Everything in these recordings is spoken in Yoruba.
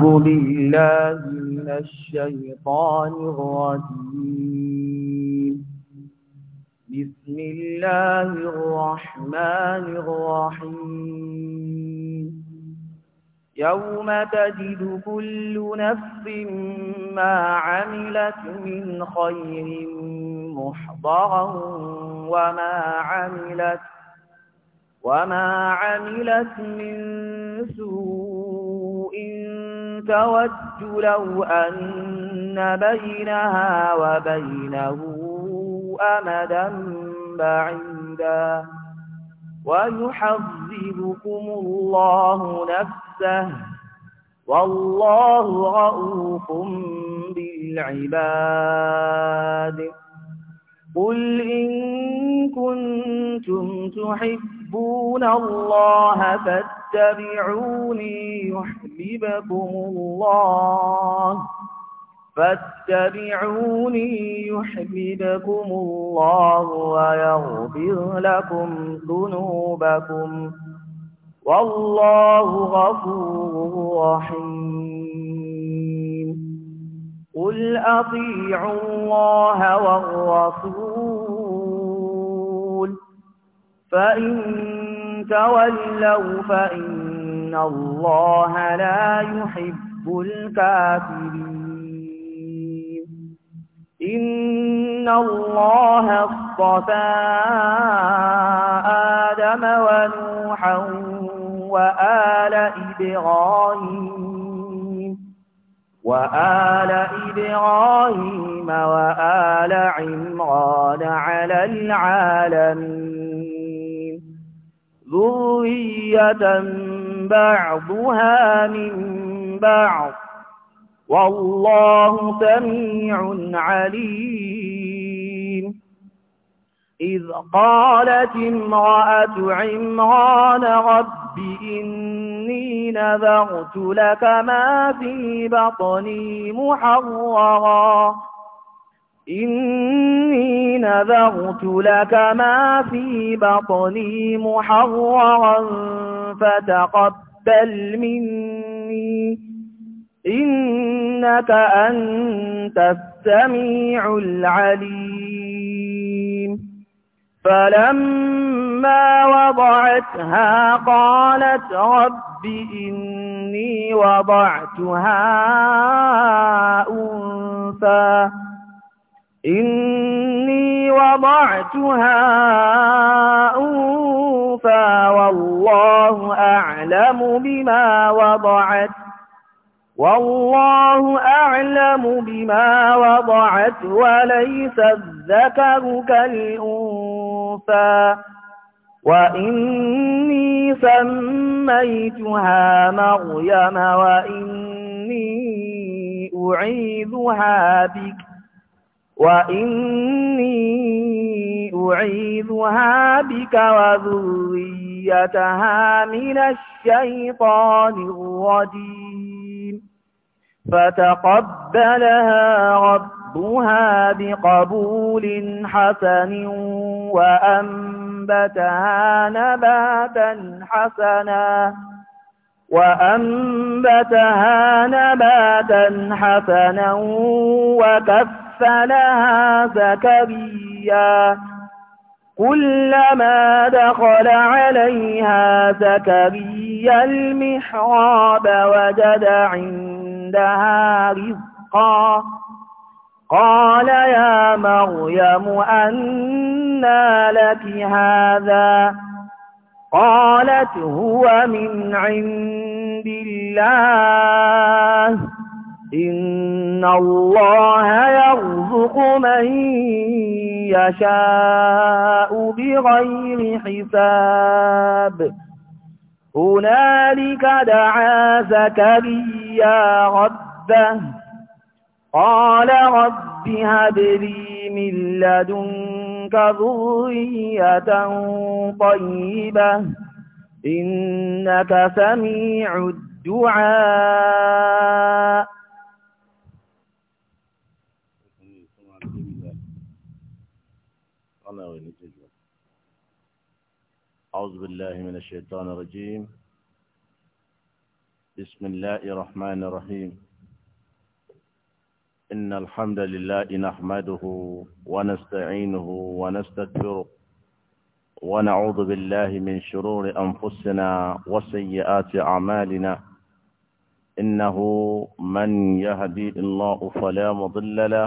بالله من الشيطان الرجيم بسم الله الرحمن الرحيم يوم تجد كل نفس ما عملت من خير محضرا وما عملت وما عملت من سوء تود لو أن بينها وبينه أمدا بعيدا ويحذبكم الله نفسه والله رؤوف بالعباد قل إن كنتم تحبون الله فاتبعوني يحببكم الله فاتبعوني يحببكم الله ويغفر لكم ذنوبكم والله غفور رحيم قل أطيعوا الله والرسول فإن تولوا فإن الله لا يحب الكافرين إن الله اصطفى آدم ونوحا وآل إبراهيم وآل إبراهيم وآل عمران على العالمين ذرية بعضها من بعض والله سميع عليم إذ قالت امرأة عمران رب رب إني نذرت لك ما في بطني محررا إني نذرت لك ما في بطني محررا فتقبل مني إنك أنت السميع العليم فلما فلما وضعتها قالت رب إني وضعتها أنثى إني وضعتها أنثى والله أعلم بما وضعت والله أعلم بما وضعت وليس الذكر كالأنثى وإني سميتها مريم وإني أعيذها بك وإني أعيذها بك وذريتها من الشيطان الرجيم فتقبلها ربها بقبول حسن وأنبتها نباتا حسنا وأنبتها نباتا حسنا وكفلها زكريا كلما دخل عليها زكريا المحراب وجد عندها رزقا قال يا مريم أنى لك هذا قالت هو من عند الله إِنَّ اللَّهَ يَرْزُقُ مَن يَشَاءُ بِغَيْرِ حِسَابٍ هُنَالِكَ دَعَا زَكَرِيَّا رَبَّهُ قَالَ رَبِّ هَبْ لِي مِن لَّدُنكَ ذُرِّيَّةً طَيِّبَةً إِنَّكَ سَمِيعُ الدُّعَاءِ ناوي نتجوى أعوذ بالله من الشيطان الرجيم بسم الله الرحمن الرحيم إن الحمد لله نحمده ونستعينه ونستغفره ونعوذ بالله من شرور أنفسنا وسيئات أعمالنا إنه من يهدي الله فلا مضل له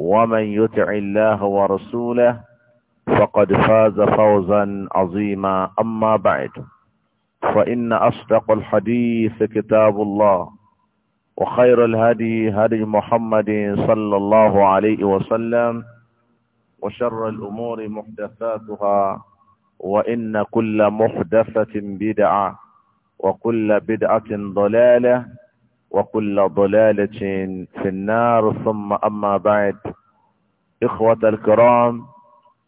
ومن يطع الله ورسوله فقد فاز فوزا عظيما أما بعد فإن أصدق الحديث كتاب الله وخير الهدي هدي محمد صلى الله عليه وسلم وشر الأمور محدثاتها وإن كل محدثة بدعة وكل بدعة ضلالة وكل ضلالة في النار ثم أما بعد إخوة الكرام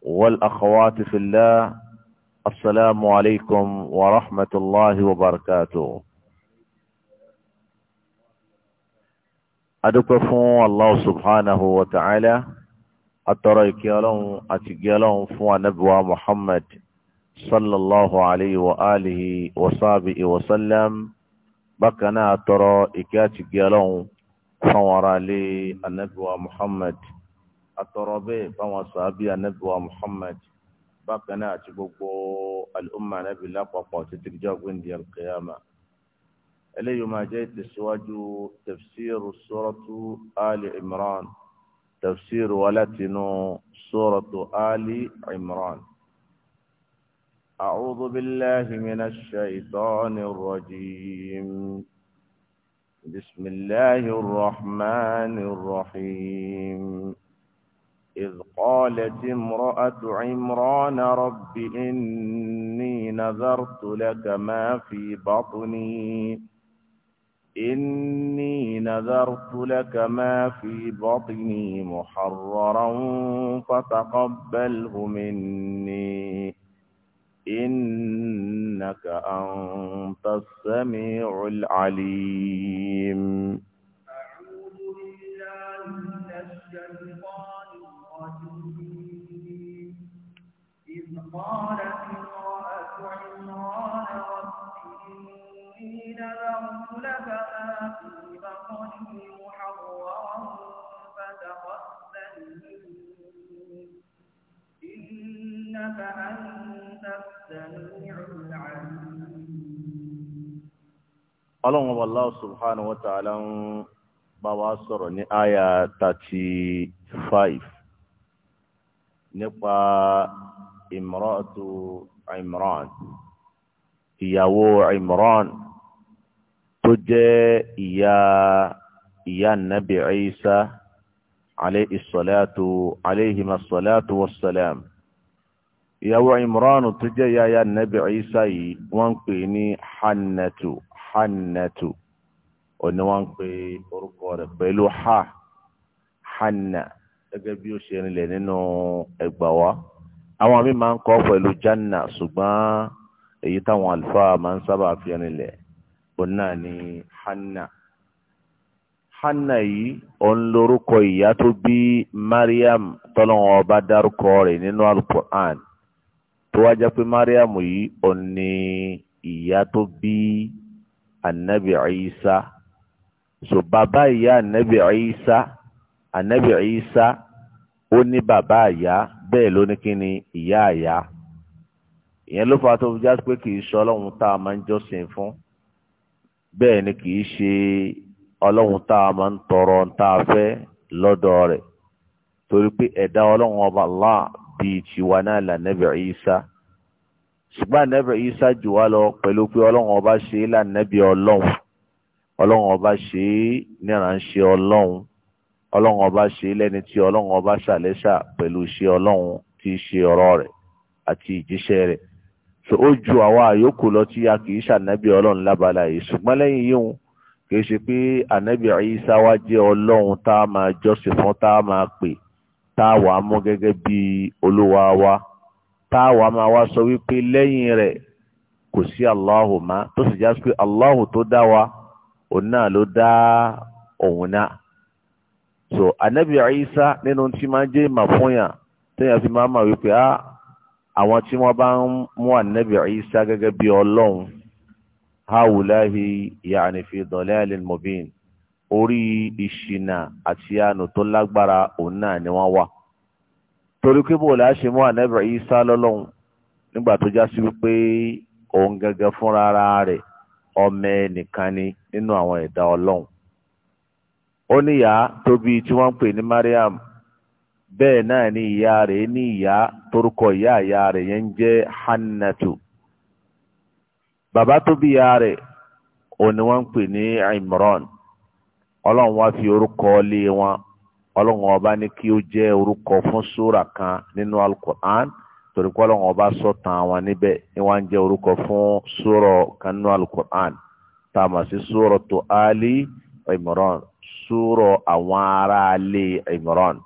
والأخوات في الله السلام عليكم ورحمة الله وبركاته أدكفوا الله سبحانه وتعالى لهم أتريكيالون أتجيالون فوى نبوى محمد صلى الله عليه وآله وصابئ وسلم bákan náà tọrọ ìkẹ́ àti gẹ́ ọlọ́run fáwọn ará ilé anábìwá muhammad atọrọ bẹ́ẹ̀ fáwọn sàábì anábìwá muhammad bákan náà àti gbogbo al'umma anábì lápapọ̀ títí jọ́ gbẹ̀ndì alkiyama eléyìí máa jẹ́ ìtẹ̀síwájú tafsiru suratu ali imran tafsiru wa látinú ali imran. أعوذ بالله من الشيطان الرجيم بسم الله الرحمن الرحيم إذ قالت امرأة عمران رب إني نذرت لك ما في بطني إني نذرت لك ما في بطني محررا فتقبله مني إنك أنت السميع العليم أعوذ بالله من الشيطان الرجيم إذ قالت امرأة عمران رب إني نذرت لك ما ọlọ́run wa Allah subhanahu wa ta'ala ń bá wa sọ̀rọ̀ ní àyà thirty five nípa imra'atu Imran ìyàwó Imran tó jẹ́ ìyá ìyá Nabi Isa alayhi salatu alayhi masalatu wassalam ìyàwó Imran tó jẹ́ ìyá ìyá Nabi Isa yìí wọ́n ń pè ní Hannatu. hannatu òní wọ́n ń pe orúkọ rẹ̀ pẹ̀lú ha hanna gẹ́gẹ́ bí ó ṣe rinlẹ̀ nínú ẹgbà wa àwọn míì máa ń kọ pẹ̀lú janna ṣùgbọ́n èyí táwọn àlùfáà máa ń sábà fi rinlẹ̀ òun náà ni hanna hanna yìí òun lorúkọ ìyá tó bí mariam tọ́lọ́wọ́n ọba dárúkọ rẹ̀ nínú alukur'an tó wá jẹ́ pé mariam yìí òun ni ìyá tó bí. anabi isa so bàbá ìyá anabi isa anabi isa ó ní bàbá bẹ́ẹ̀ ló ní kí ni ìyá àyà ìyẹn ló fà tó fi já pé kì í ṣe ọlọ́run tá a máa ń jọ́sìn fún bẹ́ẹ̀ ni kì í ṣe ọlọ́run tá a máa ń tọrọ tá a fẹ́ lọ́dọ̀ rẹ̀ torí pé ẹ̀dá ọlọ́run ọba Allah bíi tiwa ṣùgbọ́n ànábì Ìsá jù wá lọ pẹ̀lú pé ọlọ́run ọba ṣe é lànàbí ọlọ́run ọlọ́run ọba ṣe é níránṣẹ́ ọlọ́run ọlọ́run ọba ṣe é lẹ́ni tí ọlọ́run ọba ṣàlẹ́ṣà pẹ̀lú iṣẹ́ ọlọ́run tí í ṣe ọ̀rọ̀ rẹ̀ àti ìjíṣẹ́ rẹ̀ so ó ju àwa àyókù lọ tí a kì í ṣànábì ọlọ́run lábala yìí ṣùgbọ́n lẹ́yìn yíhun kì í ṣe pé ànábì Ìsá wá jẹ́ ọlọ́run tá a máa jọ́sìn fún tá a máa pè tá a wàá mú gẹ́gẹ́ bí olúwa wa táwa máa wá sọ wípé lẹ́yìn rẹ̀ kò sí Allahu má tó sì já sí pé Allahu tó dá wa òun náà ló dá òun náà so anabi Isa nínú tí máa jẹ́ ìmà fún yàn fi máa mọ̀ wípé á àwọn tí wọ́n bá ń mú anabi Isa gẹ́gẹ́ bí ọlọ́run hawulahi yaani fi dalalin orí ìṣìnà àti àánú tó lágbára òun náà ni wọ́n wà. torí pé bóòlù àṣẹ mú ànábì Ìsá lọ́lọ́hun nígbà tó já sí wípé òun gẹ́gẹ́ fúnra ara rẹ̀ ọmọ ẹnìkan ni nínú àwọn ẹ̀dá ọlọ́hun ó ní ìyá tó bí tí wọ́n ń pè ní Mariam bẹ́ẹ̀ náà ni ìyá rẹ̀ ní ìyá torúkọ ìyá ìyá rẹ̀ yẹn ń jẹ́ Hannatu bàbá tó bí ìyá rẹ̀ òun ni wọ́n ń pè ní Imran ọlọ́run wá fi orúkọ lé wọn ọlọ́run ọba ní kí ó jẹ́ orúkọ fún sóra kan nínú alukur'an torí pé ọlọ́run ọba sọ tàn àwọn níbẹ̀ ni wọ́n ń jẹ́ orúkọ fún sóra kan nínú alukur'an tá a mọ̀ sí sóra tó ali Imran sóra àwọn ará alẹ́ Imran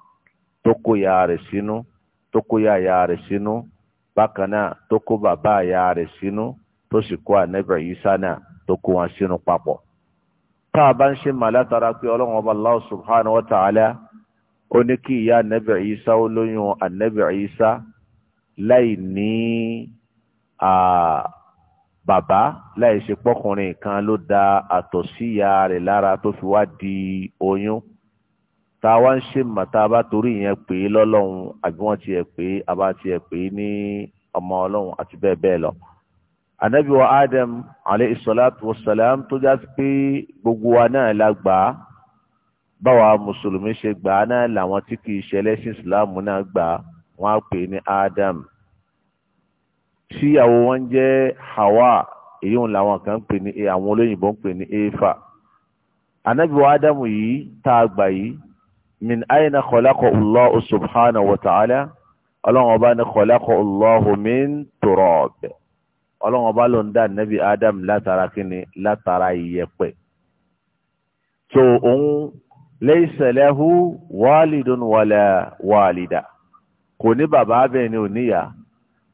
tó kó ya rẹ̀ sínú tó kó ya ya rẹ̀ sínú bákan náà tó kó bàbá ya rẹ̀ sínú tó sì kó ànẹ́bẹ̀ yìí sánà tó wọn sínú papọ̀ tá a bá ń ṣe màlá tara pé ọlọ́run ọba Allah subhanahu wa ta'ala ó ní kí ìyá ànábì Ìsá ó lóyún ànábì Ìsá láì ní bàbá láì ṣe pọ́kùnrin kan ló da àtọ̀ síya rẹ̀ lára tó fi wá di oyún tá a wá ń ṣe màtá bá torí ìyẹn pè é lọ́lọ́run àbí wọ́n tiẹ̀ pè é àbá tiẹ̀ pè é ní ọmọ ọlọ́run àti bẹ́ẹ̀ bẹ́ẹ̀ lọ. ànábì wa Adam alayhi salatu wassalam tó já pé gbogbo wa náà la gbà báwa mùsùlùmí ṣe gbà á náà làwọn tí kì í ṣe ẹlẹ́sìn ìsìláàmù náà gbà wọ́n á pè ní Adam tíyàwó wọn jẹ́ Hawa èyí ń làwọn kan pè ní àwọn olóyìnbó ń pè ní Éfà anabiwa Adamu yìí tá a gbà yìí min aina khalaqa Allah subhanahu wa ta'ala ọlọ́run ọba ní khalaqa Allahu min turab ọlọ́run ọba ló ń dá nabi Adam látara kíni látara iyẹ̀pẹ̀ tó òun. laysa lahu wàlìdùn wàlà wàlìdà kò ní bàbá bẹ́ẹ̀ ni ò níyà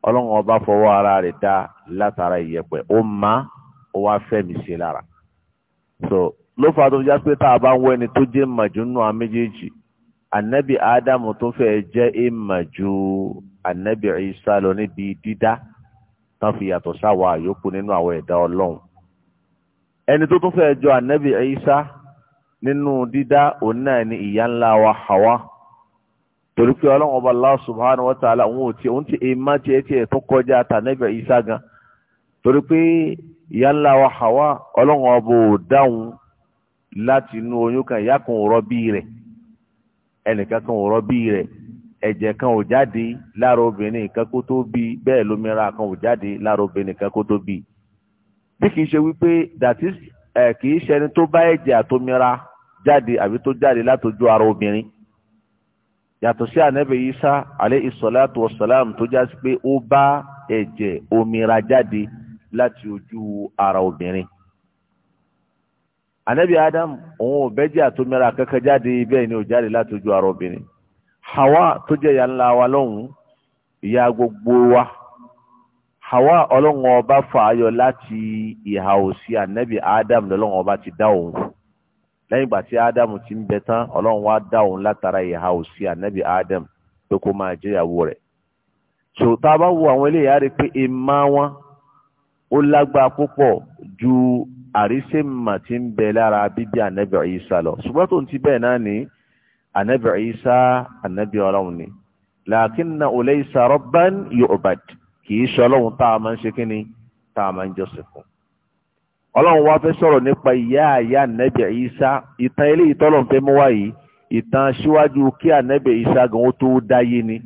ọlọ́run ọba fọwọ́ ara rẹ̀ dá látara ìyẹ̀pẹ̀ ó má ó wá fẹ́mi ṣe lára so ló fà tó já pé tá a bá ń wẹ́ni tó jẹ́ màjúnú a méjèèjì ànábì ádámù tó fẹ́ jẹ́ èèmàjú ànábì Ìsá lọ níbi dídá fi yàtọ̀ àyókù nínú àwọn ẹ̀dá ọlọ́run ẹni tó tún fẹ́ jọ ànábì nínú dídá òun náà ni ìyá Hawa torí pé ọlọ́run ọba Allah subhanahu wa ta'ala òun ò tiẹ̀ òun ti èèmá tiẹ̀ tiẹ̀ tó kọjá tànẹ́bẹ̀ Isa gan torí pé ìyá Hawa ọlọ́run ọba ò dáhùn láti inú oyún kan ìyá kan ò rọ́bí rẹ̀ ẹnìkan kan ò rọ́bí rẹ̀ ẹ̀jẹ̀ kan ò jáde lára obìnrin kan kó tó bí kan ò jáde lára obìnrin kan kó tó bí bí kì í ṣe wípé eh, kì í tó jáde àbí tó jáde látojú ara obìnrin yàtọ̀ sí ànábì Isa alayhi salatu wassalam tó já sí pé ó bá ẹ̀jẹ̀ omira jáde láti ojú ara obìnrin ànábì Adam òun ò bẹ́jẹ̀ àtòmira kankan jáde bẹ́ẹ̀ ni ò jáde láti ara obìnrin Hawa tó jẹ́ ìyá ńlá wa lọ́hùn ìyá gbogbo wa Hawa ọlọ́run ọba fàáyọ láti ìhà òsì ànábì Adam lọ́lọ́run ọba ti dá òun lẹ́yìn ìgbà tí ádámù ti ń bẹ tán ọlọ́run wá dá òun látara ìhà òsì ànábì ádámù pé kó máa jẹ́ ìyàwó rẹ̀ so tá a bá wo àwọn eléyìí á rí i pé ìmá wọn ó lágbára púpọ̀ ju àrísèmà tí ń bẹ lára bíbí ànábì Ìsá lọ ṣùgbọ́n tó ń ti bẹ́ẹ̀ náà ní ànábì Ìsá ànábì ọlọ́run ni làákínà laysa rabban yu'bad kì í ṣe tá a máa ń ṣe kí tá a máa ń jọ́sìn fún ọlọ́run wá fẹ́ sọ̀rọ̀ nípa ìyá àyà ànẹ́bẹ̀ ìsá ìtàn eléyìí tọ́lọ́run fẹ́ mú wá yìí ìtàn síwájú kí ànẹ́bẹ̀ ìsá gan ó tó dáyé ni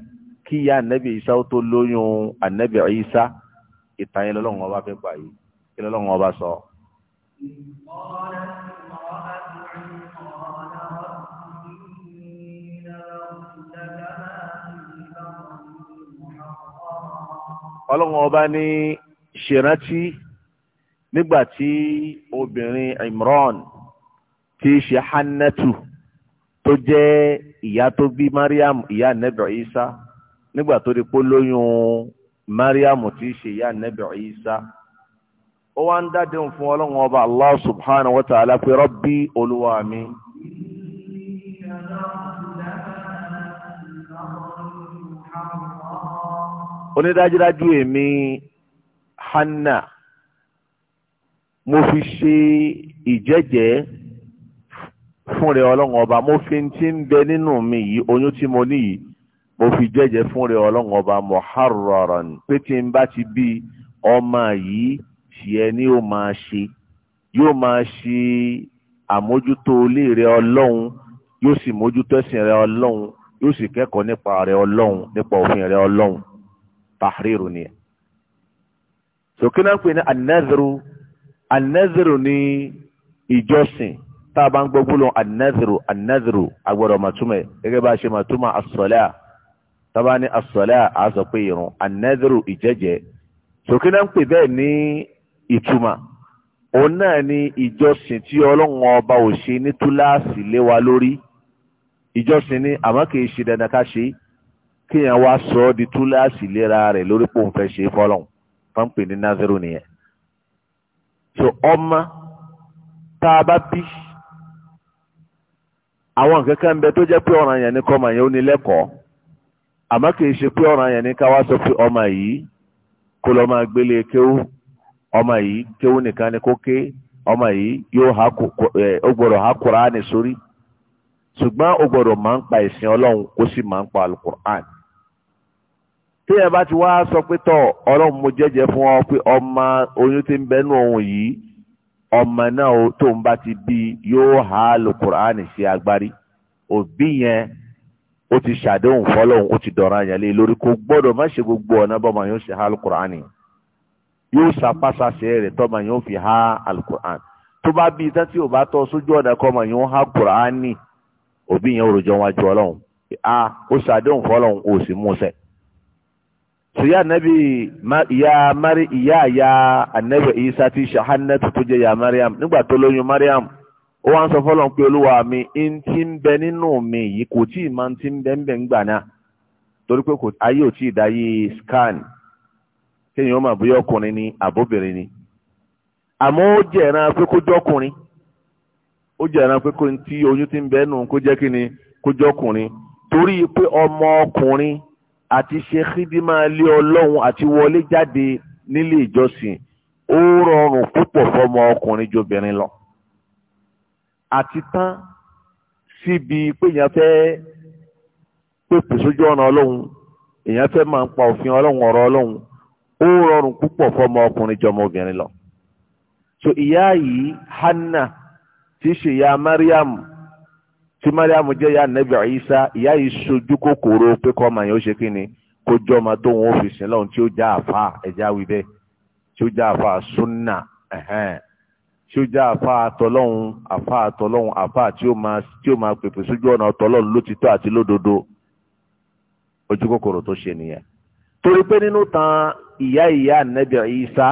kí ìyá ànẹ́bẹ̀ ìsá ó tó lóyún ànẹ́bẹ̀ ìsá ìtàn yẹn lọ́lọ́run ọba fẹ́ gbà yìí kí lọ́lọ́run ọba sọ. ọlọ́run ọba ní ṣèrántí nígbà tí obìnrin Imran tí í ṣe Hannatu tó jẹ́ ìyá tó bí Mariam ìyá Nabi Isa nígbà tó di pé lóyún Mariam tí í ṣe ìyá Nabi Isa ó wá ń dádéhùn fún ọlọ́run ọba Allah subhanahu wa ta'ala pé Rabbi olúwa mi. onídájúdájú èmi Hanna mo fi ṣe ìjẹ́jẹ́ fún rẹ ọlọ́run ọba mo fi ti ń bẹ nínú mi yìí oyún tí mo ní yìí mo fi jẹ́jẹ́ fún rẹ ọlọ́run ọba muharraran pé tí n bá ti bí ọmọ yìí tiẹ̀ ni yóò máa ṣe yóò máa ṣe àmójútó ilé rẹ ọlọ́run yóò sì mójútó ẹ̀sìn rẹ ọlọ́run yóò sì kẹ́kọ̀ọ́ nípa rẹ ọlọ́run nípa òfin rẹ ọlọ́run tahriru ni ẹ̀. sòkè náà pè ní anadru anẹ́zìrò ní ìjọsìn tá a bá ń gbọ́ gbólóhùn anẹ́zìrò anẹ́zìrò agbọ́dọ̀ màtúmẹ̀ gẹ́gẹ́ bá a ṣe màtúmọ̀ asọ́lẹ́à tábà ní asọ́lẹ́à á sọ pé irun anẹ́zìrò ìjẹ́jẹ́ sókè náà ń pè bẹ́ẹ̀ ní ìtumà òun náà ni ìjọsìn tí ọlọ́run ọba ò ṣe ní túláàsì lé wa lórí ìjọsìn ni àmọ́ kì í ṣe dandan ká ṣe kéèyàn wá sọ ọ́ di túláàsì léra rẹ̀ lórí pòun fẹ́ ṣe so ọma tá a bá bí àwọn nǹkan kan ń bẹ tó jẹ́ pé ọ̀ràn yẹn ni kọ́ ọmọ yẹn ó ní lẹ́kọ̀ọ́ àmọ́ kì í ṣe pé ọ̀ràn yẹn ni ká wá sọ pé ọmọ ha kò ẹ ó ha Kùránì sórí ó máa ń pa ìsìn kó sì máa tí ẹ bá ti wá sọ pé tọ ọlọ́run mo jẹ́jẹ́ fún ọ pé ọmọ oyún ti ń bẹnu òun yìí ọmọ náà tó ń bá ti bí yóò há lùkùránì sí agbárí òbí yẹn ó ti ṣàdéhùn fọlọ́hún ó ti dọ̀rọ̀ àyàn lé lórí kò gbọ́dọ̀ má ṣe gbogbo ọ̀nà bọ́mọ yóò ṣe há lùkùránì yóò ṣàpàṣàṣe rẹ̀ tọ́mọ yóò fi há alùkùránì tó bá bí tán tí ò bá tọ́ sójú ọ̀nà kọ́mọ yóò há kùránì òbí yẹn òròjọ́ wájú ọlọ́run a ah, ó ṣàdéhùn fọlọ́hún ó sì mú sẹ́ẹ̀. so ya nabi ya mari iya ya isa ti ṣe hannatu ya mariam nígbà tó mariam ó wá so sọ fọlọ́n pé mi in ti nbe ninu mi yìí kò tí ti nbe nbe ń bẹ ń gbà náà torí pé scan kéèyàn ó ma bóyá ọkùnrin ni àbóbìnrin ni amo ó ran ẹ̀ran pé kó ti àti ṣe xidima lé ọlọ́run àti wọlé jáde nílé ìjọsìn ó rọrùn púpọ̀ fọmọ ọkùnrin jobìnrin lọ àti tán síbi pé èèyàn fẹ́ pèpè sójú ọ̀nà ọlọ́run èèyàn fẹ́ máa ń pa òfin ọlọ́run ọ̀rọ̀ ọlọ́run ó rọrùn púpọ̀ fọmọ ọkùnrin jọmọ obìnrin lọ so ìyá yìí Hannah tí ṣe ìyá Mariam tí mariam jẹ́ ya nẹ́bí Ìsá ìyá yìí ṣojú kòkòrò pé kọ́ ọmọ yẹn ó ṣe kí ni kó jọ́ ọmọ tó wọn ó fi sin lọ́hùn tí ó já àfa ẹ̀já wí bẹ́ẹ̀ tí ó já àfa súnà tí ó já àfa àtọlọ́hún àfa àtọlọ́hún àfa tí ó máa tí ó máa pèpè sójú ọ̀nà ọ̀tọlọ́hún lótìtọ́ àti lódodo ojú kòkòrò ṣe nìyẹn torí pé nínú tan ìyá ìyá nẹ́bí Ìsá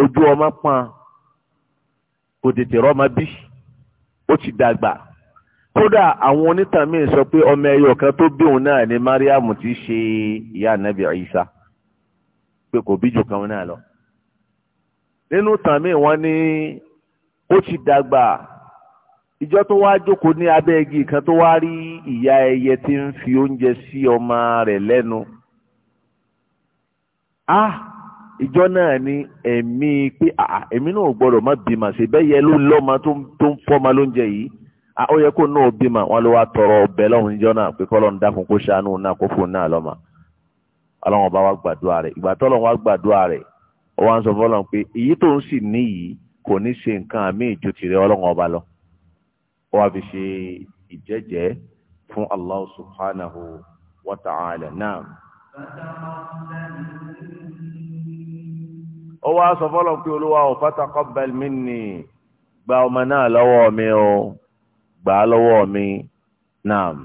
ojú ọmọ pọn kò tètè rọ́mọ bí ó ti dàgbà kódà àwọn onítàn míì sọ pé ọmọ ẹyọ kan tó bí òun náà ni mariam ti ṣe ìyá anabi isa pé kò bí ju kan náà lọ nínú tàn míì wọ́n ní ó ti dàgbà ìjọ tó wá jókòó ní abẹ́ igi kan tó wá rí ìyá ẹyẹ tí ń fi oúnjẹ sí ọmọ rẹ̀ lẹ́nu ah ìjọ náà ni ẹ̀mí pé ẹ̀mí náà gbọ́dọ̀ má bímọ ṣe bẹ́ẹ̀ yẹ ló lọ́mọ tó ń fọ́mọ lóúnjẹ yìí ó yẹ kó náà bímọ wọn ló wá tọrọ ọbẹ lọhùn jọ náà pé kọlọ ń dákun kó ṣàánú náà kó fún náà lọmọ Ọlọ́run ọba wa gbàdúrà rẹ̀ ìgbà tọlọ wa gbàdúrà rẹ̀ ó wá ń sọ fọlọ pé èyí tó ń sì níyìí kò ní ṣe nǹkan àmì ìjó tìrẹ Ọlọ́run ọba lọ ó wá fi ṣe ìjẹjẹ fún Allah subhanahu wa ta'ala náà. ó wá sọ fọlọ pé olúwa ò fataqabbal minni gba ọmọ náà lọ́wọ́ mi o gbà á lọ́wọ́ mi naam.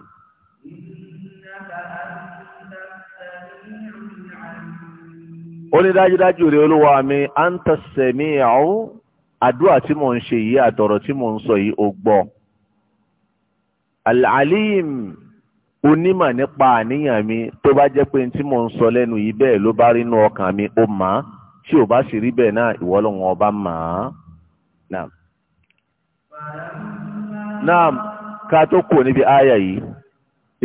ó ní dájúdájú rẹ̀ olúwa mi à ń tẹ̀sẹ̀ mí àrùn àdúrà tí mò ń ṣe yìí àtọ̀rọ̀ tí mò ń sọ yìí ó gbọ́. al-alim onímọ̀ nípa àníyàn mi tó bá jẹ́ pé tí mò ń sọ lẹ́nu yìí bẹ́ẹ̀ ló bá rí ọkàn mi ó mà á tí ò bá sì rí bẹ́ẹ̀ náà ìwọ ọba mà á. naam ká tó kù níbi àyà yìí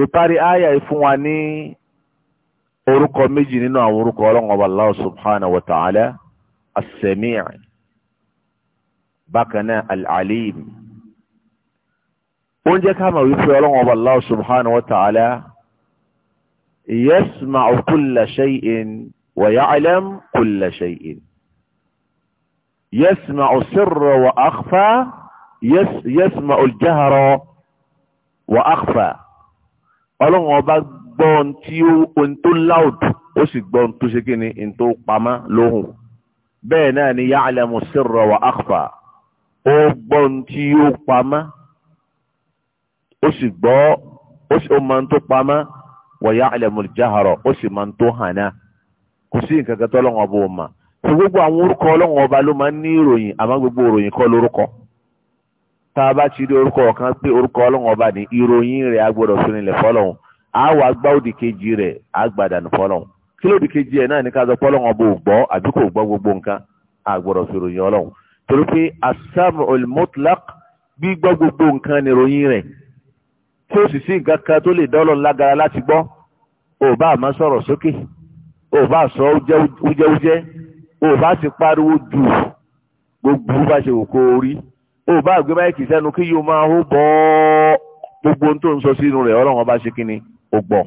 ìparí àyà yìí fún wa ní orúkọ méjì nínú àwọn orúkọ ọlọ́run ọba Allah subhanahu wa ta'ala as-sami' bákan náà al-alim ó ń jẹ́ ká mọ̀ wípé ọlọ́run ọba Allah subhanahu wa ta'ala yasma'u kulla shay'in wa ya'lam kulla shay'in yasma'u sirra wa akhfa. yẹ́sùmá olùjáharọ wà áfà ọlọ́run ọba gbọ́ ohun tí ohun tó loud ó sì gbọ́ ohun tó ṣe kí ni ohun tó pamọ́ lóhùn bẹ́ẹ̀ náà ni ya'lamu sirra wà áfà ó gbọ́ ohun tí ó sì gbọ́ ó sì máa ń tó pamọ́ wa ya'lamu ó sì máa ń hànà kò sí nǹkan kan tó ọlọ́run ọba gbogbo àwọn orúkọ ọlọ́run ọba ló máa ní ìròyìn àmọ́ gbogbo ìròyìn kọ́ lórúkọ tá a bá ti rí orúkọ ọ̀kan pé orúkọ ọlọ́run ọba ní ìròyìn rẹ̀ agbọ́dọ̀ fi rinlẹ̀ fọlọ́run á wàá gbá òdì kejì rẹ̀ á gbàdànù fọlọ́run kí lóòdì kejì ẹ̀ náà ní ká sọ fọlọ́run ọba ò gbọ́ àbí kò gbọ́ gbogbo nǹkan á gbọ́dọ̀ fi ròyìn ọlọ́run torí pé as-sam'ul mutlaq gbígbọ́ gbogbo nǹkan ní ròyìn rẹ̀ tí ó sì sí nǹkan kan tó lè dọ́lọ́ lágara láti gbọ́ ò bá àmọ́ sọ̀rọ̀ sókè ò bá sọ wújẹ́wújẹ́ ò bá sì pariwo jù gbogbo bá ṣe wò kó rí ó bá gbé báyìí kì í sẹ́nu kí yóò máa hó bọ́ gbogbo ohun tó ń sọ sínú rẹ̀ ọlọ́run ọba ṣe kíni ó gbọ́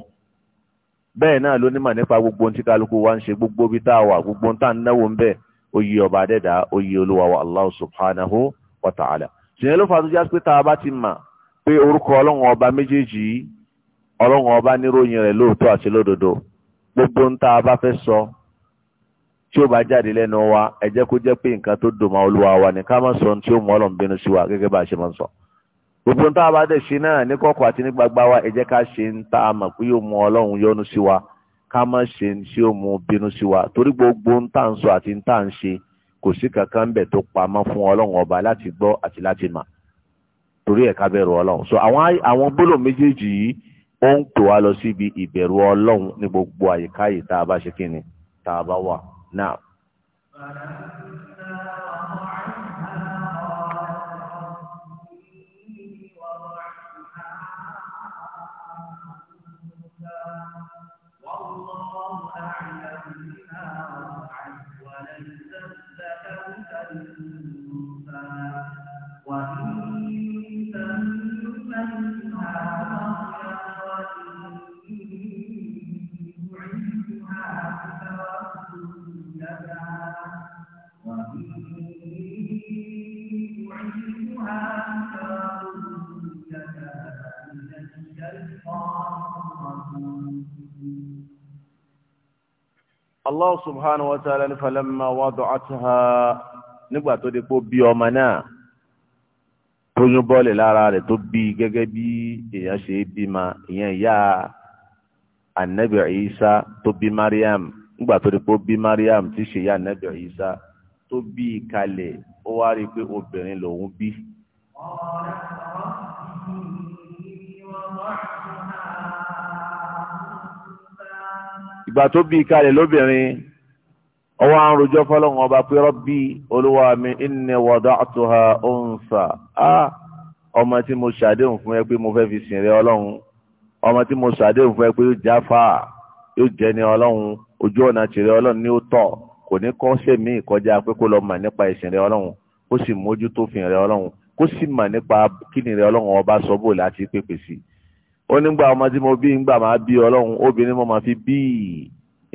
bẹ́ẹ̀ náà ló nímọ̀ nípa gbogbo ohun tí kálukú wa ń ṣe gbogbo ibi tá a wà gbogbo ohun tá a ń náwó ń bẹ́ẹ̀ ó ọba adẹ́dá ó olúwa wa allah subhanahu wa ta'ala ṣìyẹn ló fà tó jásí pé tá a bá ti mà pé orúkọ ọlọ́run ọba méjèèjì ọlọ́run ọba níròyìn rẹ̀ lóòótọ́ àti lódodo gbogbo ohun tá a bá fẹ́ sọ tí ó bá jáde lẹ́nu wa ẹ jẹ́ kó jẹ́ pé nǹkan tó dùn mọ́ olúwa wa ni ká má sọ ohun tí ó mú ọlọ́run bínú sí wa gẹ́gẹ́ bá a ṣe máa ń sọ. gbogbo ohun tá a bá dẹ̀ ṣe náà ní kọ̀kọ̀ àti ní gbangba wa ẹ jẹ́ ká ṣe ń tá a mọ̀ pé yóò mú ọlọ́run yọ́nú sí wa ká má ṣe ń tí ó bínú sí wa torí gbogbo ohun tá à ń sọ àti ń tá à ń ṣe kò sí kankan ń bẹ̀ tó pamọ́ fún ọlọ́run ọba láti gbọ́ àti láti mà so àwọn àwọn gbólóhùn méjèèjì yìí ó ń tò wá lọ síbi ìbẹ̀rù ọlọ́run ní gbogbo àyíká Now. Allah subhanahu wa ta'ala ní falamma wada'atha nígbà tó di pé bí ọmọ náà tóyún bọ́ọ̀lì lára rẹ̀ tó bí gẹ́gẹ́ bí èèyàn ṣe bí ma ìyẹn ìyá anabi Isa tó bí Mariam nígbà tó di pé bí Mariam ti ṣe ìyá anabi Isa tó bí kalẹ̀ ó wá rí i pé obìnrin lòun bí. gbà tó bí kalẹ̀ lóbìnrin ọwọ́ àrùn rojọ́ fọlọ́run ọba pé rọ́bì olúwa mi inni wada'tuha unsa á ọmọ tí mo ṣàdéhùn fún ẹ pé mo fẹ́ fi sìn rẹ ọlọ́run ọmọ tí mo ṣàdéhùn fún ẹ pé yóò jáfà yóò jẹ́ ni ọlọ́run ojú ọ̀nà tìrẹ ọlọ́run ni ó tọ̀ kò ní kọ́ sẹ́mi ìkọjá pé kó lọ mà nípa ìsìn rẹ ọlọ́run kó sì mójútó fìn rẹ ọlọ́run kó sì mà nípa kíni rẹ ọlọ́run ọba sọ bò láti pèpè sí i ó nígbà ọmọ tí mo bí ngbà máa bí ọlọ́run obìnrin mo máa fi bí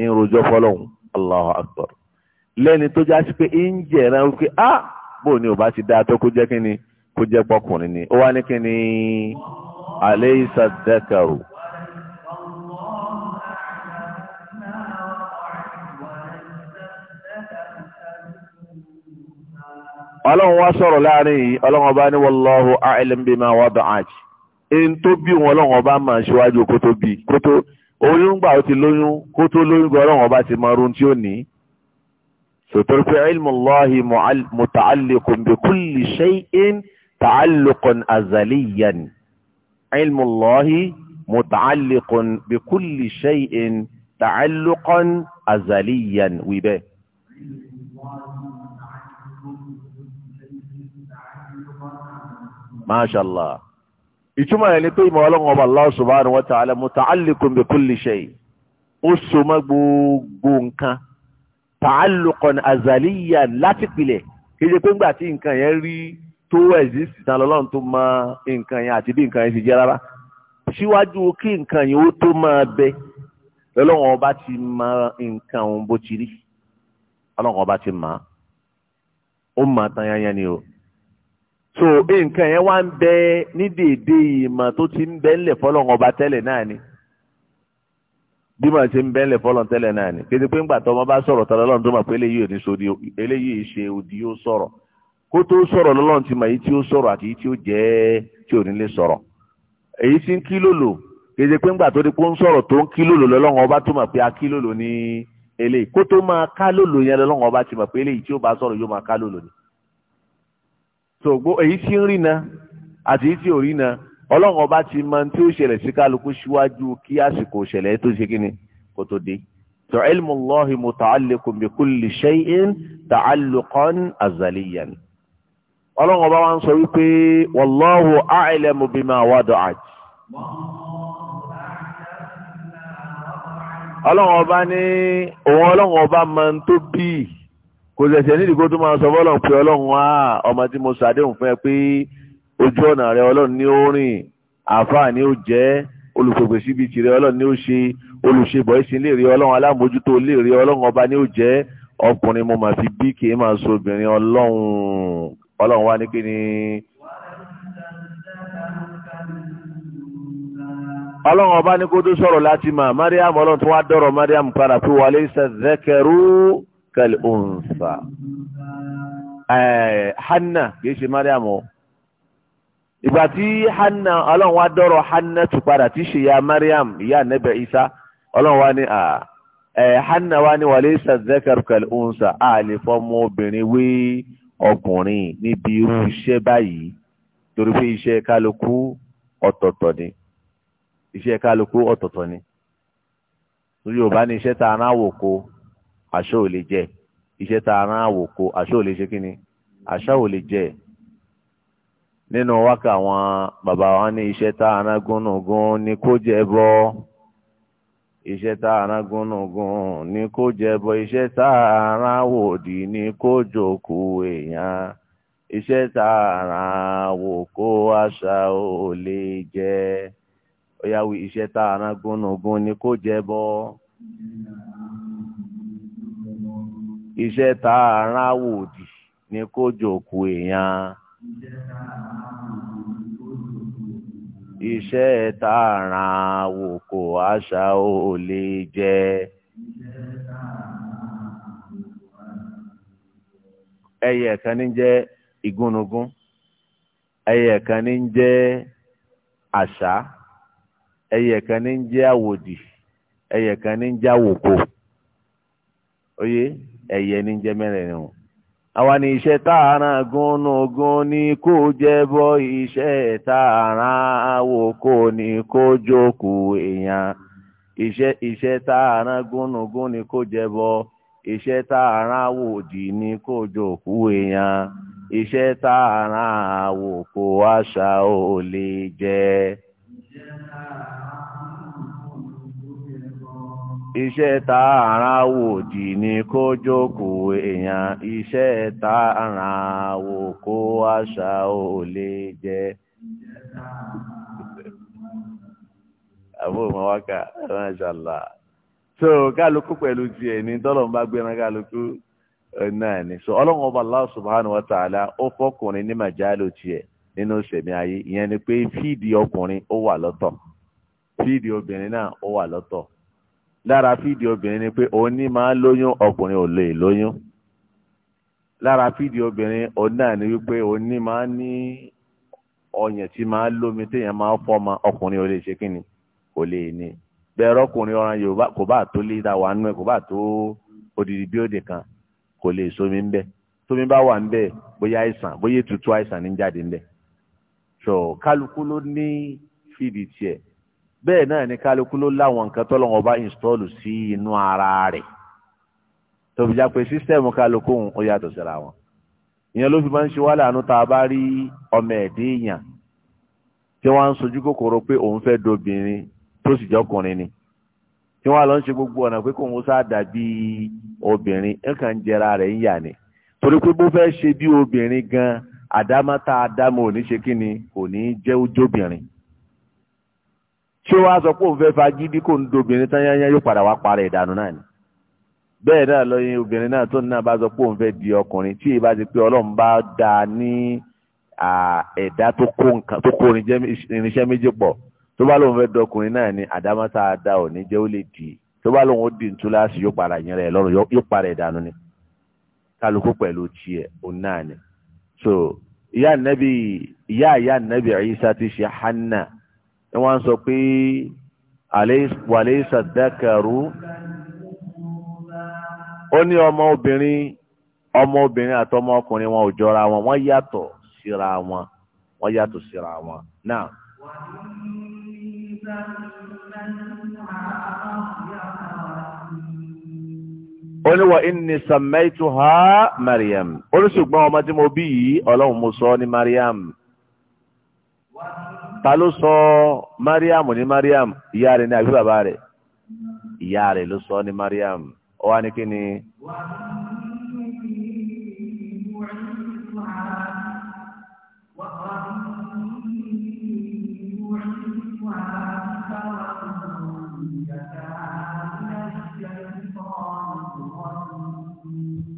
ìròjọ́ fọlọ́run Allahu Akbar lẹ́ni tó já sí pé ń jẹ̀rán wípé á bò ní bá ti dáa tó kó ni kó jẹ́ pọkùnrin ni ó wá ní kí ni alaysa ọlọ́run wá sọ̀rọ̀ láàrin yìí ẹni tó bí wọn ọlọ́run ọba máa ń ṣíwájú kó tó bí kó tó oyún gbà ó ti lóyún kó tó lóyún gbà ọlọ́run ọba ti mọ ọrùn tí ó ní. sòtòrí pé ilmullahi muta'alliqun bi kulli shay'in ta'alluqan azaliyan ilmullahi muta'alliqun bi kulli shay'in ta'alluqan azaliyan wíbẹ́. masha ìtumọ̀ ẹni tó ìmọ̀ ọlọ́run ọba Allah subhanahu wa ta'ala muta'alliqun bi kulli shay ó so mọ́ gbogbo nǹkan ta'alluqan láti pilẹ̀ kéde pé ńgbà tí nǹkan yẹn rí tó exist tán lọ́lọ́run tó mọ nǹkan yẹn àti bí nǹkan yẹn ti jẹ́ rárá síwájú kí nǹkan yẹn ó tó máa bẹ lọ́lọ́run ọba ti mọ nǹkan òun bó ti rí ọlọ́run ọba ti ó so nǹkan yẹn wá ń bẹ ní dèédé ìmọ̀ tó ti ń bẹ ọba tẹ́lẹ̀ náà ni bí màá ṣe ń bẹ ńlẹ̀ tẹ́lẹ̀ náà ni pé ńgbà tó ọmọ bá sọ̀rọ̀ tọ́lá lọ́run tó mọ̀ pé eléyìí òdì yóò sọ̀rọ̀ kó tó sọ̀rọ̀ lọ́lọ́run ti tí ó sọ̀rọ̀ àti tí ó jẹ́ tí lè sọ̀rọ̀ èyí ń kí ọba tó pé a kí lòlò ní eléyìí kó tó máa ọba sògbó èyí tí ń rí na àti èyí tí ò rí na ọlọ́run ọba ti mọ tí ó ṣẹlẹ̀ sí kálukú síwájú kí àsìkò ṣẹlẹ̀ tó ṣe kí ni kó tó dé. sọ ilmu Allahi muta'alliqun bi kulli shay'in ta'alluqan azaliyan. ọlọ́run ọba wa ń sọ wípé wallahu a'lamu bima wada'at. ọlọ́run ọba ní òun ọlọ́run ọba mọ tó bíi kò ṣẹ̀ṣẹ̀ nídìí kó tó máa sọ fọlọ́n pé ọlọ́run wá ọmọ tí mo ṣàdéhùn fún ẹ pé ojú ọ̀nà rẹ ọlọ́run ní ó rìn àáfàá ni ó jẹ́ olùpèpè síbi tìrẹ ọlọ́run ní ó ṣe olùṣèbọ̀ ìsìn lè rí ọlọ́run alámòójútó lè rí ọlọ́run ọba ní ó jẹ́ ọkùnrin mo máa fi bí kì í máa so obìnrin ọlọ́run ọlọ́run wá ní kí ni. ọlọ́run ọba ní kó tó sọ̀rọ̀ láti mà mariam ọlọ́run tó wá dọ̀rọ̀ mariam padà pé wàlẹ́ sẹ́kẹ̀rú. kal-unsa hanna kìí ṣe mariam o ìgbà tí hanna ọlọ́run wá dọ́rọ̀ hanna tù padà tí ṣe ya mariam ìyá nẹ́bẹ̀ isa ọlọ́run wá ní hanna wá ní walaysa dhakar kal a lè fọmọ obìnrin wé ọkùnrin níbi irú iṣẹ́ báyìí torí pé iṣẹ́ kálukú ọ̀tọ̀ọ̀tọ̀ ni iṣẹ́ kálukú ni yorùbá ní iṣẹ́ tá a kó aṣọ ò lè jẹ iṣẹ tá a rán aṣọ ò lè ṣe kíni aṣọ ò lè jẹ nínú wákà àwọn bàbá wa ní iṣẹ tá a rán ni kó jẹ bọ iṣẹ tá a rán ni kó jẹ bọ iṣẹ tá a rán ni kó jókòó èèyàn iṣẹ́ tá a rán aṣọ ò lè jẹ ó yà wí ni kó jẹ bọ. iṣẹ́ tá a rán àwòdì ni kó jòkó èèyàn iṣẹ́ tá a rán àwòkò àṣà ò lè jẹ́. ẹyẹ kan ní jẹ igunugun, ẹyẹ kan ní jẹ àṣà ẹyẹ kan ní jẹ àwòdì ẹyẹ kan ní jẹ́ àwòkò. Oye. Oh, yeah? ẹ̀yẹ ní jẹ́ mẹ́rẹ̀ẹ̀rin o àwa ni iṣẹ́ tààrà gúnnugún ni kó jẹ́ iṣẹ́ tààrà àwò kò ní kó jókòó èèyàn iṣẹ́ tààrà gúnnugún kó jẹ́ iṣẹ́ tààrà àwòdì ní kó jókòó èèyàn iṣẹ́ tààrà iṣẹ́ ta ara wò dì ní kó jókòó èèyàn iṣẹ́ ta ara wò kó àṣà ò lè jẹ́ àbúrò mọ́wákà so kálukú pẹ̀lú tiẹ̀ ní tọ́lọ̀ ń bá ni so ọlọ́run ọba Allah subhanahu wa ta'ala ó ní nínú ayé ìyẹn ni pé ọkùnrin ó wà lọ́tọ̀ obìnrin náà ó wà lára fídíò obìnrin ni pé òun ní máa lóyún ọkùnrin ò lè lóyún lára fídíò obìnrin òun náà ni wípé òun ní máa ní ọyàn tí máa lómi téèyàn máa fọ́ ma ọkùnrin ò lè ṣe kíni kò lè ní bẹ́ẹ̀ yorùbá kò bá tó lé odidi bí òde kan kò lè somi ń bẹ tómi bá wà ń bẹ bóyá àìsàn bóyá so kálukú ló ní bẹ́ẹ̀ náà ni kálukú ló láwọn nǹkan tó lọ́wọ́ bá ìnstọ́ọ̀lù sí inú ara rẹ̀ tóbi já pé sísítẹ́ẹ̀mù kálukú ń ó yàtọ̀ síra wọn ìyẹn ló fi máa ń ṣe wá láàánú tá a bá rí ọmọ ẹ̀dín èèyàn tí wọ́n á ń sojú kòkòrò pé òun fẹ́ dobìnrin tó sì ni tí wọ́n á lọ ń gbogbo ọ̀nà pé kóun sá dàbí obìnrin nǹkan ń jẹra rẹ̀ ń yà ni torí pé bó fẹ́ ṣe bí obìnrin gan àdámátá àdámọ̀ òní ṣe ni jẹ́ tí ó wá sọ pé òun fẹ́ fagídí kò ń dobìnrin tán yányá yóò padà wá para ìdànù náà ni bẹ́ẹ̀ náà lọ́yìn obìnrin náà tó náà bá sọ pé òun fẹ́ di ọkùnrin tí ìbá ti pé ọlọ́run bá dá a ní ẹ̀dá tó kó nǹkan tó kó irinṣẹ́ méjì pọ̀ tó bá lóun fẹ́ di ọkùnrin náà ni àdámọ́tà dá òní jẹ́ ó lè dì í tó bá lóun ó di ntúláàsì yóò para yẹn rẹ̀ lọ́rùn yóò para ìdànù ni kálukú pẹ̀lú tiẹ̀ òun so ìyá ànábì ìyá àyá ànábì Ìsá ti ṣe ni wọ́n sọ pé wàlẹ́ ìsàdákàrú ó ní ọmọ obìnrin ọmọ obìnrin ọkùnrin wọn ò jọra wọn wọ́n yàtọ̀ síra wọn wọ́n yàtọ̀ síra wọn náà. ha Mariam ó ní ṣùgbọ́n ọmọ mo bí yìí ọlọ́run Mariam. ta ló sọ mariam mariam ìyá na ní àbí bàbá rẹ̀ ìyá sọ ni. mariam ó wá ní kí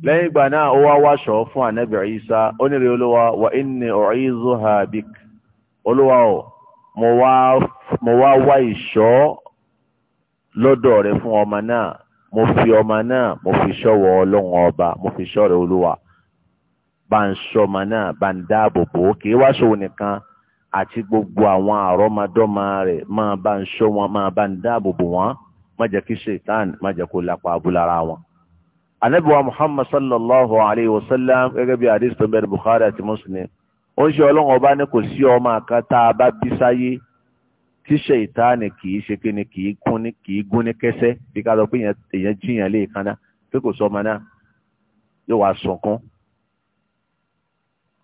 lẹ́yìn ìgbà náà ó wá wáṣọ fún ànábì Ìsá ó ní rí olúwa wà inni o mo wá mo wá wá ìṣọ́ lọ́dọ̀ rẹ fún ọmọ náà mo fi ọmọ náà mo fi ṣọ́wọ́ ọlọ́run ọba mo fi ṣọ́rẹ̀ olúwa bá ń ṣọmọ náà bá ń dáàbò bò ó kì í wá ṣòwò nìkan àti gbogbo àwọn àrọ́mọdọ́mọ rẹ̀ máa bá ń ṣọ́ wọn máa bá ń dáàbò bò wọ́n má jẹ́ kí ṣètàn má jẹ́ kó lápá abúlára wọn. anabiwa muhammad sallallahu alayhi wa sallam gẹ́gẹ́ bí hadith tó ń bukhari àti muslim ó ń ṣe ọlọ́run ọba si kò sí ọmọ kan tá a bá bí sáyé tí ṣèyítánì kì í ṣe kíni kì í kún ní kì í gún ní kẹsẹ́ bí ká lọ pé èèyàn lè pé kò náà yóò wá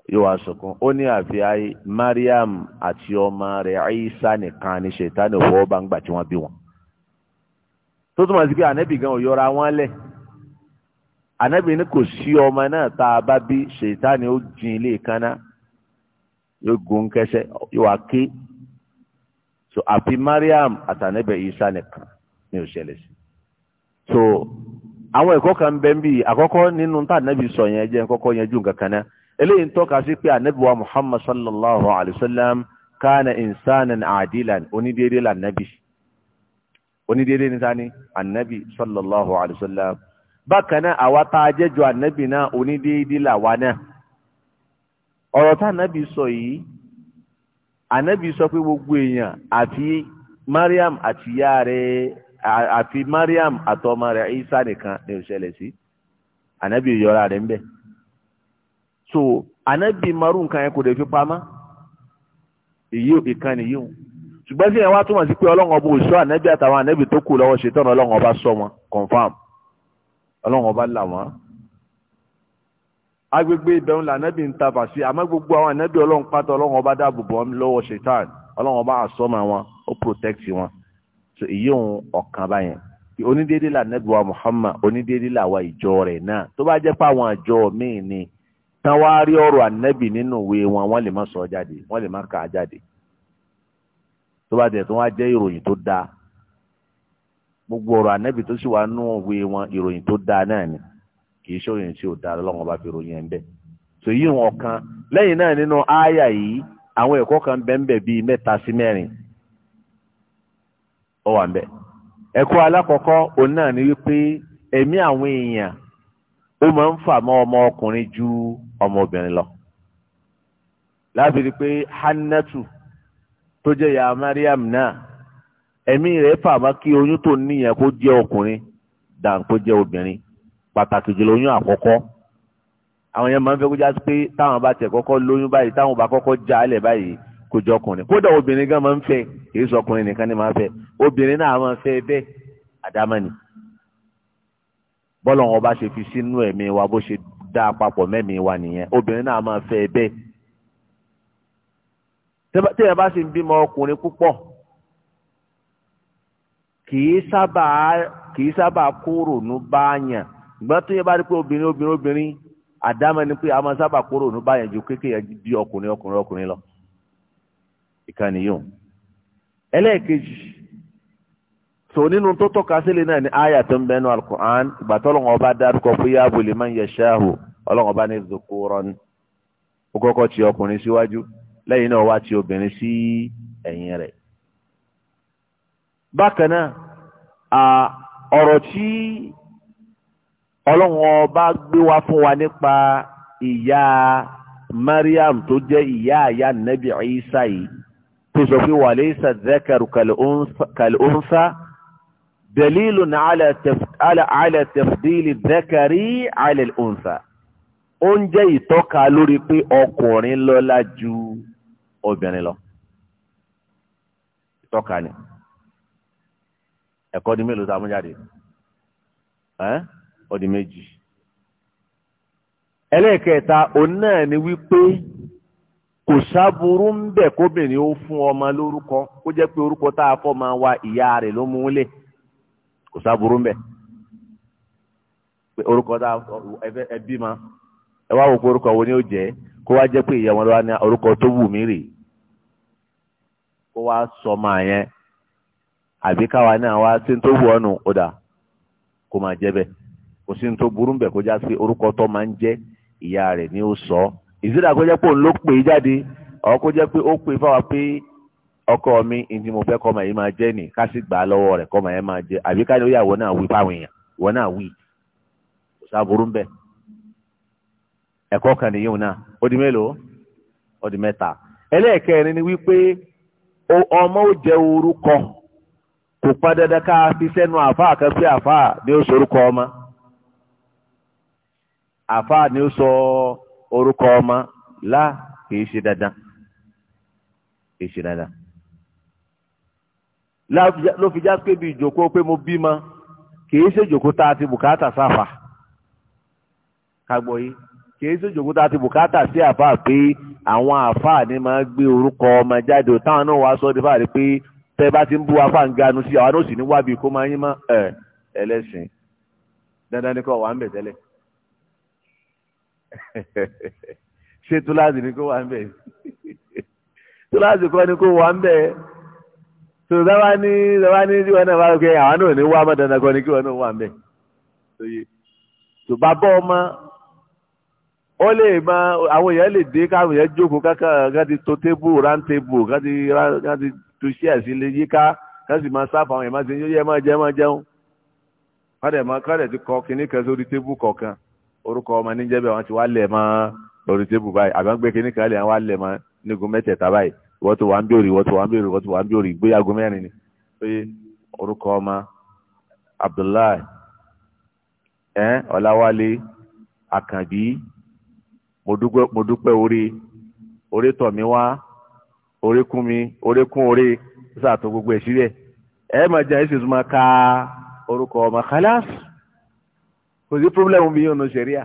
yóò wá Mariam àti ọmọ Isa nìkan òwò ọba ń gbà tí wọ́n bí wọn tó túmọ̀ sí pé ànábì gan ò wọn lẹ̀ ànábì ní kò sí ọmọ náà tá a bá yóò gun kẹsẹ̀ yóò wá ké so àfi Mariam àtànẹbẹ Isa nìkan ní òṣèlè sí so àwọn ẹ̀kọ́ kan bẹ nbí àkọ́kọ́ nínú tá ànábì sọ yẹn jẹ kọ́kọ́ yẹn jù kankan náà eléyìí ń tọ́ka sí pé ànábì wa Muhammad sallallahu alayhi wa sallam kana insanan adilan onídéédé la ànábì onídéédé ní sani ànábì sallallahu alayhi wa sallam bákan náà àwa tá a jẹ́ jọ ànábì náà onídéédé la wa náà ọ̀rọ̀ tá ànábì sọ yìí ànábì sọ pé gbogbo èèyàn àti mariam àti ìyá rẹ̀ àti mariam àtọmọ rẹ̀ isa nìkan ní ìṣẹ̀lẹ̀ sí ànábì yọra rẹ̀ ń so ànábì maru nǹkan yẹn kò lè fi pamọ́ èyí ìkànnì yìí o ṣùgbọ́n sí yẹn wá túmọ̀ sí pé ọlọ́run ọba òṣìṣọ́ ànábì àtàwọn ànábì tó kù lọ́wọ́ ṣetán ọlọ́run ọba sọ wọn confam ọlọ́run ọba là wọ́n agbègbè ìbẹ̀rún lànàbì ń tabà sí àmọ́ gbogbo àwọn ànàbì ọlọ́run pátá ọlọ́run ọba dáàbò bọ́ lọ́wọ́ ṣètàn ọlọ́run ọba àsọ́mọ wọn ó protect wọn so èyí òun ọ̀kan báyẹn onídéédé lànàbì wa Muhammad onídéédé làwa ìjọ rẹ̀ náà tó bá jẹ́ pé àwọn àjọ míì ni tán wá rí ọ̀rọ̀ ànàbì nínú ìwé wọn wọ́n lè má sọ jáde wọ́n lè má kà á jáde tó bá jẹ́ tó wá jẹ́ ìròyìn tó dáa gbogbo ọ̀rọ̀ ànàbì tó sì wá nú ìwé wọn ìròyìn tó dáa náà ni kì í ṣòyìn tí ò da lọ́wọ́n bá fi ròyìn ẹ̀ ń bẹ̀. tó yí wọn kan lẹ́yìn náà nínú yìí àwọn ẹ̀kọ́ kan bẹ́ẹ̀ bíi mẹ́ta sí mẹ́rin ó wà ń bẹ̀. ẹ̀kọ́ alákọ̀ọ́kọ́ òun náà ni wípé ẹ̀mí àwọn èèyàn ó máa ń fà mọ́ ọmọ ju ọmọbìnrin lọ. lábìrì pé hannatu tó jẹ́ ya mariam náà ẹ̀mí rẹ̀ fà mọ́ kí oyún tó níyàn kó jẹ́ ọkùnrin pàtàkì jùlọ oyún àkọ́kọ́ àwọn yẹn máa ń fẹ́ kó já sí pé táwọn bá tẹ̀ kọ́kọ́ lóyún báyìí táwọn bá kọ́kọ́ já alẹ̀ báyìí kò jọ ọkùnrin kódà obìnrin gan máa ń fẹ́ kìí sọ ọkùnrin nìkan ni máa ń fẹ́ obìnrin náà máa ń fẹ́ bẹ́ẹ̀ àdámọ́ni bọ́lọ̀ wọn bá ṣe fi sínú ẹ̀mí wa bó ṣe dá papọ̀ mẹ́mí wa nìyẹn obìnrin náà máa ń fẹ́ bẹ́ẹ̀ tẹ́yà bá sì ń bímọ ọkùnrin púpọ̀ kìí sábà kìí sábà kó rònú báyàn ṣùgbọ́n tó yẹ bá rí pé obìnrin obìnrin obìnrin àdámọ́ ni pé a máa sábà kóró òun bá yẹn ju kékeré bí ọkùnrin ọkùnrin ọkùnrin lọ ìkànnì yòó ẹlẹ́ẹ̀kejì so nínú tó tọ́ka sílẹ̀ náà ni aya tó ń bẹ́ẹ̀ nù alukur'an ìgbà tó lọ́wọ́ ọba dárúkọ fún yá abúlé máa ń yẹ ṣáàhù ọlọ́wọ́ ọba ní zukuran ó kọ́kọ́ ti ọkùnrin síwájú lẹ́yìn náà wá ti obìnrin sí ẹ̀yìn rẹ̀. bákan náà ọ̀rọ̀ tí ọlọ́run ọba gbé wá fún wa nípa ìyá Mariam tó jẹ́ ìyá àyà nẹ́bí Isa yìí tó sọ pé walaysa dhakaru kal-unsa dalilun ala tafdili dhakari ala al-unsa ó ń jẹ́ ìtọ́ka lórí pé ọkùnrin lọ́lá ju obìnrin lọ ìtọ́ka ni ẹ̀kọ́ ni mélòó tá a mú jáde ó di méjì ẹlẹ́ẹ̀kẹta òun náà ni wípé kò sáburú ń bẹ̀ kóbìnrin ó fún ọmọ lórúkọ kó jẹ́ pé orúkọ tá a fọ́ wa ìyá rẹ̀ ló mú kò sáburú ń bẹ̀ pé orúkọ tá ma ẹ wá wo ni ó jẹ́ kó wá jẹ́ pé ìyá lọ́wọ́ orúkọ tó wù mí rè kó yẹn àbí káwa náà wá sí tó wù ọ́ nù ó dà kó máa kò sí ní tó burú bẹ̀ kó já sí orúkọ tó máa ń jẹ́ ìyá rẹ̀ ni ó sọ ìsídà kó jẹ́ pé òun ló pè é jáde ọ̀ kó jẹ́ pé ó pè fáwa pé ọkọ mi ìdí mo fẹ́ kọ́mọ yìí máa jẹ́ nì ká sì gbà á lọ́wọ́ rẹ̀ kọ́mọ yẹn máa jẹ́ àbí ká ní ó yà wọ́n náà wí fáwọn èèyàn wọ́n náà wí kò sá burú bẹ̀ ẹ̀kọ́ kan nìyí náà ó di mélòó ó di mẹ́ta ẹlẹ́ẹ̀kẹrin ni wípé ọmọ ó jẹ́ orúkọ kò pa dandan ká fi sẹ́nu ó sorúkọ ọmọ àfáà ni ó sọ orúkọ ọmọ lá kìí ṣe dandan kìí ṣe dandan ló fi já pé bí mo bímọ kìí ṣe tá a ti bùkátà sáfà kagbọ yìí kìí ṣe tá a ti bùkátà sí àfáà pé àwọn àfáà ni máa gbé orúkọ ọmọ jáde táwọn náà wàá sọ ọ́ ti ń bú ganu sí àwọn náà sì ní wábi kó máa yín mọ́ ẹ ṣé túláàsì ni kó wà ń bẹ̀ túláàsì kọ́ ni kó wà ń bẹ̀ tó dáwà ní dáwà ní tí wọn náà bá rò pé àwọn náà ní wá mọ́tàn náà kọ́ ni kí wọn náà wà ń bẹ̀ tó bá bọ́ ọmọ ó lè mọ àwọn èèyàn lè dé káwọn èèyàn jókòó kankan kan ti to tébù rán tébù kan ti kan ti to ṣíà sí lè yíká kan sì máa sáfà àwọn èèyàn máa ti yóò yẹ máa jẹ máa jẹun kọ́dẹ̀ máa kọ́dẹ̀ ti kọ kinní kan sórí tébù kọ̀ọ̀kan orúkọ ọmọ níjẹ́ bẹ́ẹ̀ wọ́n ti wá lẹ̀ mọ́ lórí tébù báyìí àbí wọ́n gbé kínní kan lẹ̀ wọ́n wá lẹ̀ mọ́ nígun mẹ́tẹ̀ẹ̀ta báyìí wọ́n tó wà ń bèrè wọ́n tó wà ń bèrè wọ́n tó wà ń bèrè ìgbéyàgó mẹ́rin ni pé orúkọ ọmọ Abdullahi ẹ Ọláwálé Àkànbí mo dúpẹ́ orí orí tọ̀ mí wá orí kún mi orí kún orí sàtó gbogbo ẹ̀ sílẹ̀ ẹ máa jẹ́ ẹ sì tún máa ka orúkọ ọmọ kálásì kò sí pírọ́blẹ́mù bí yóò nu sẹ̀ríà.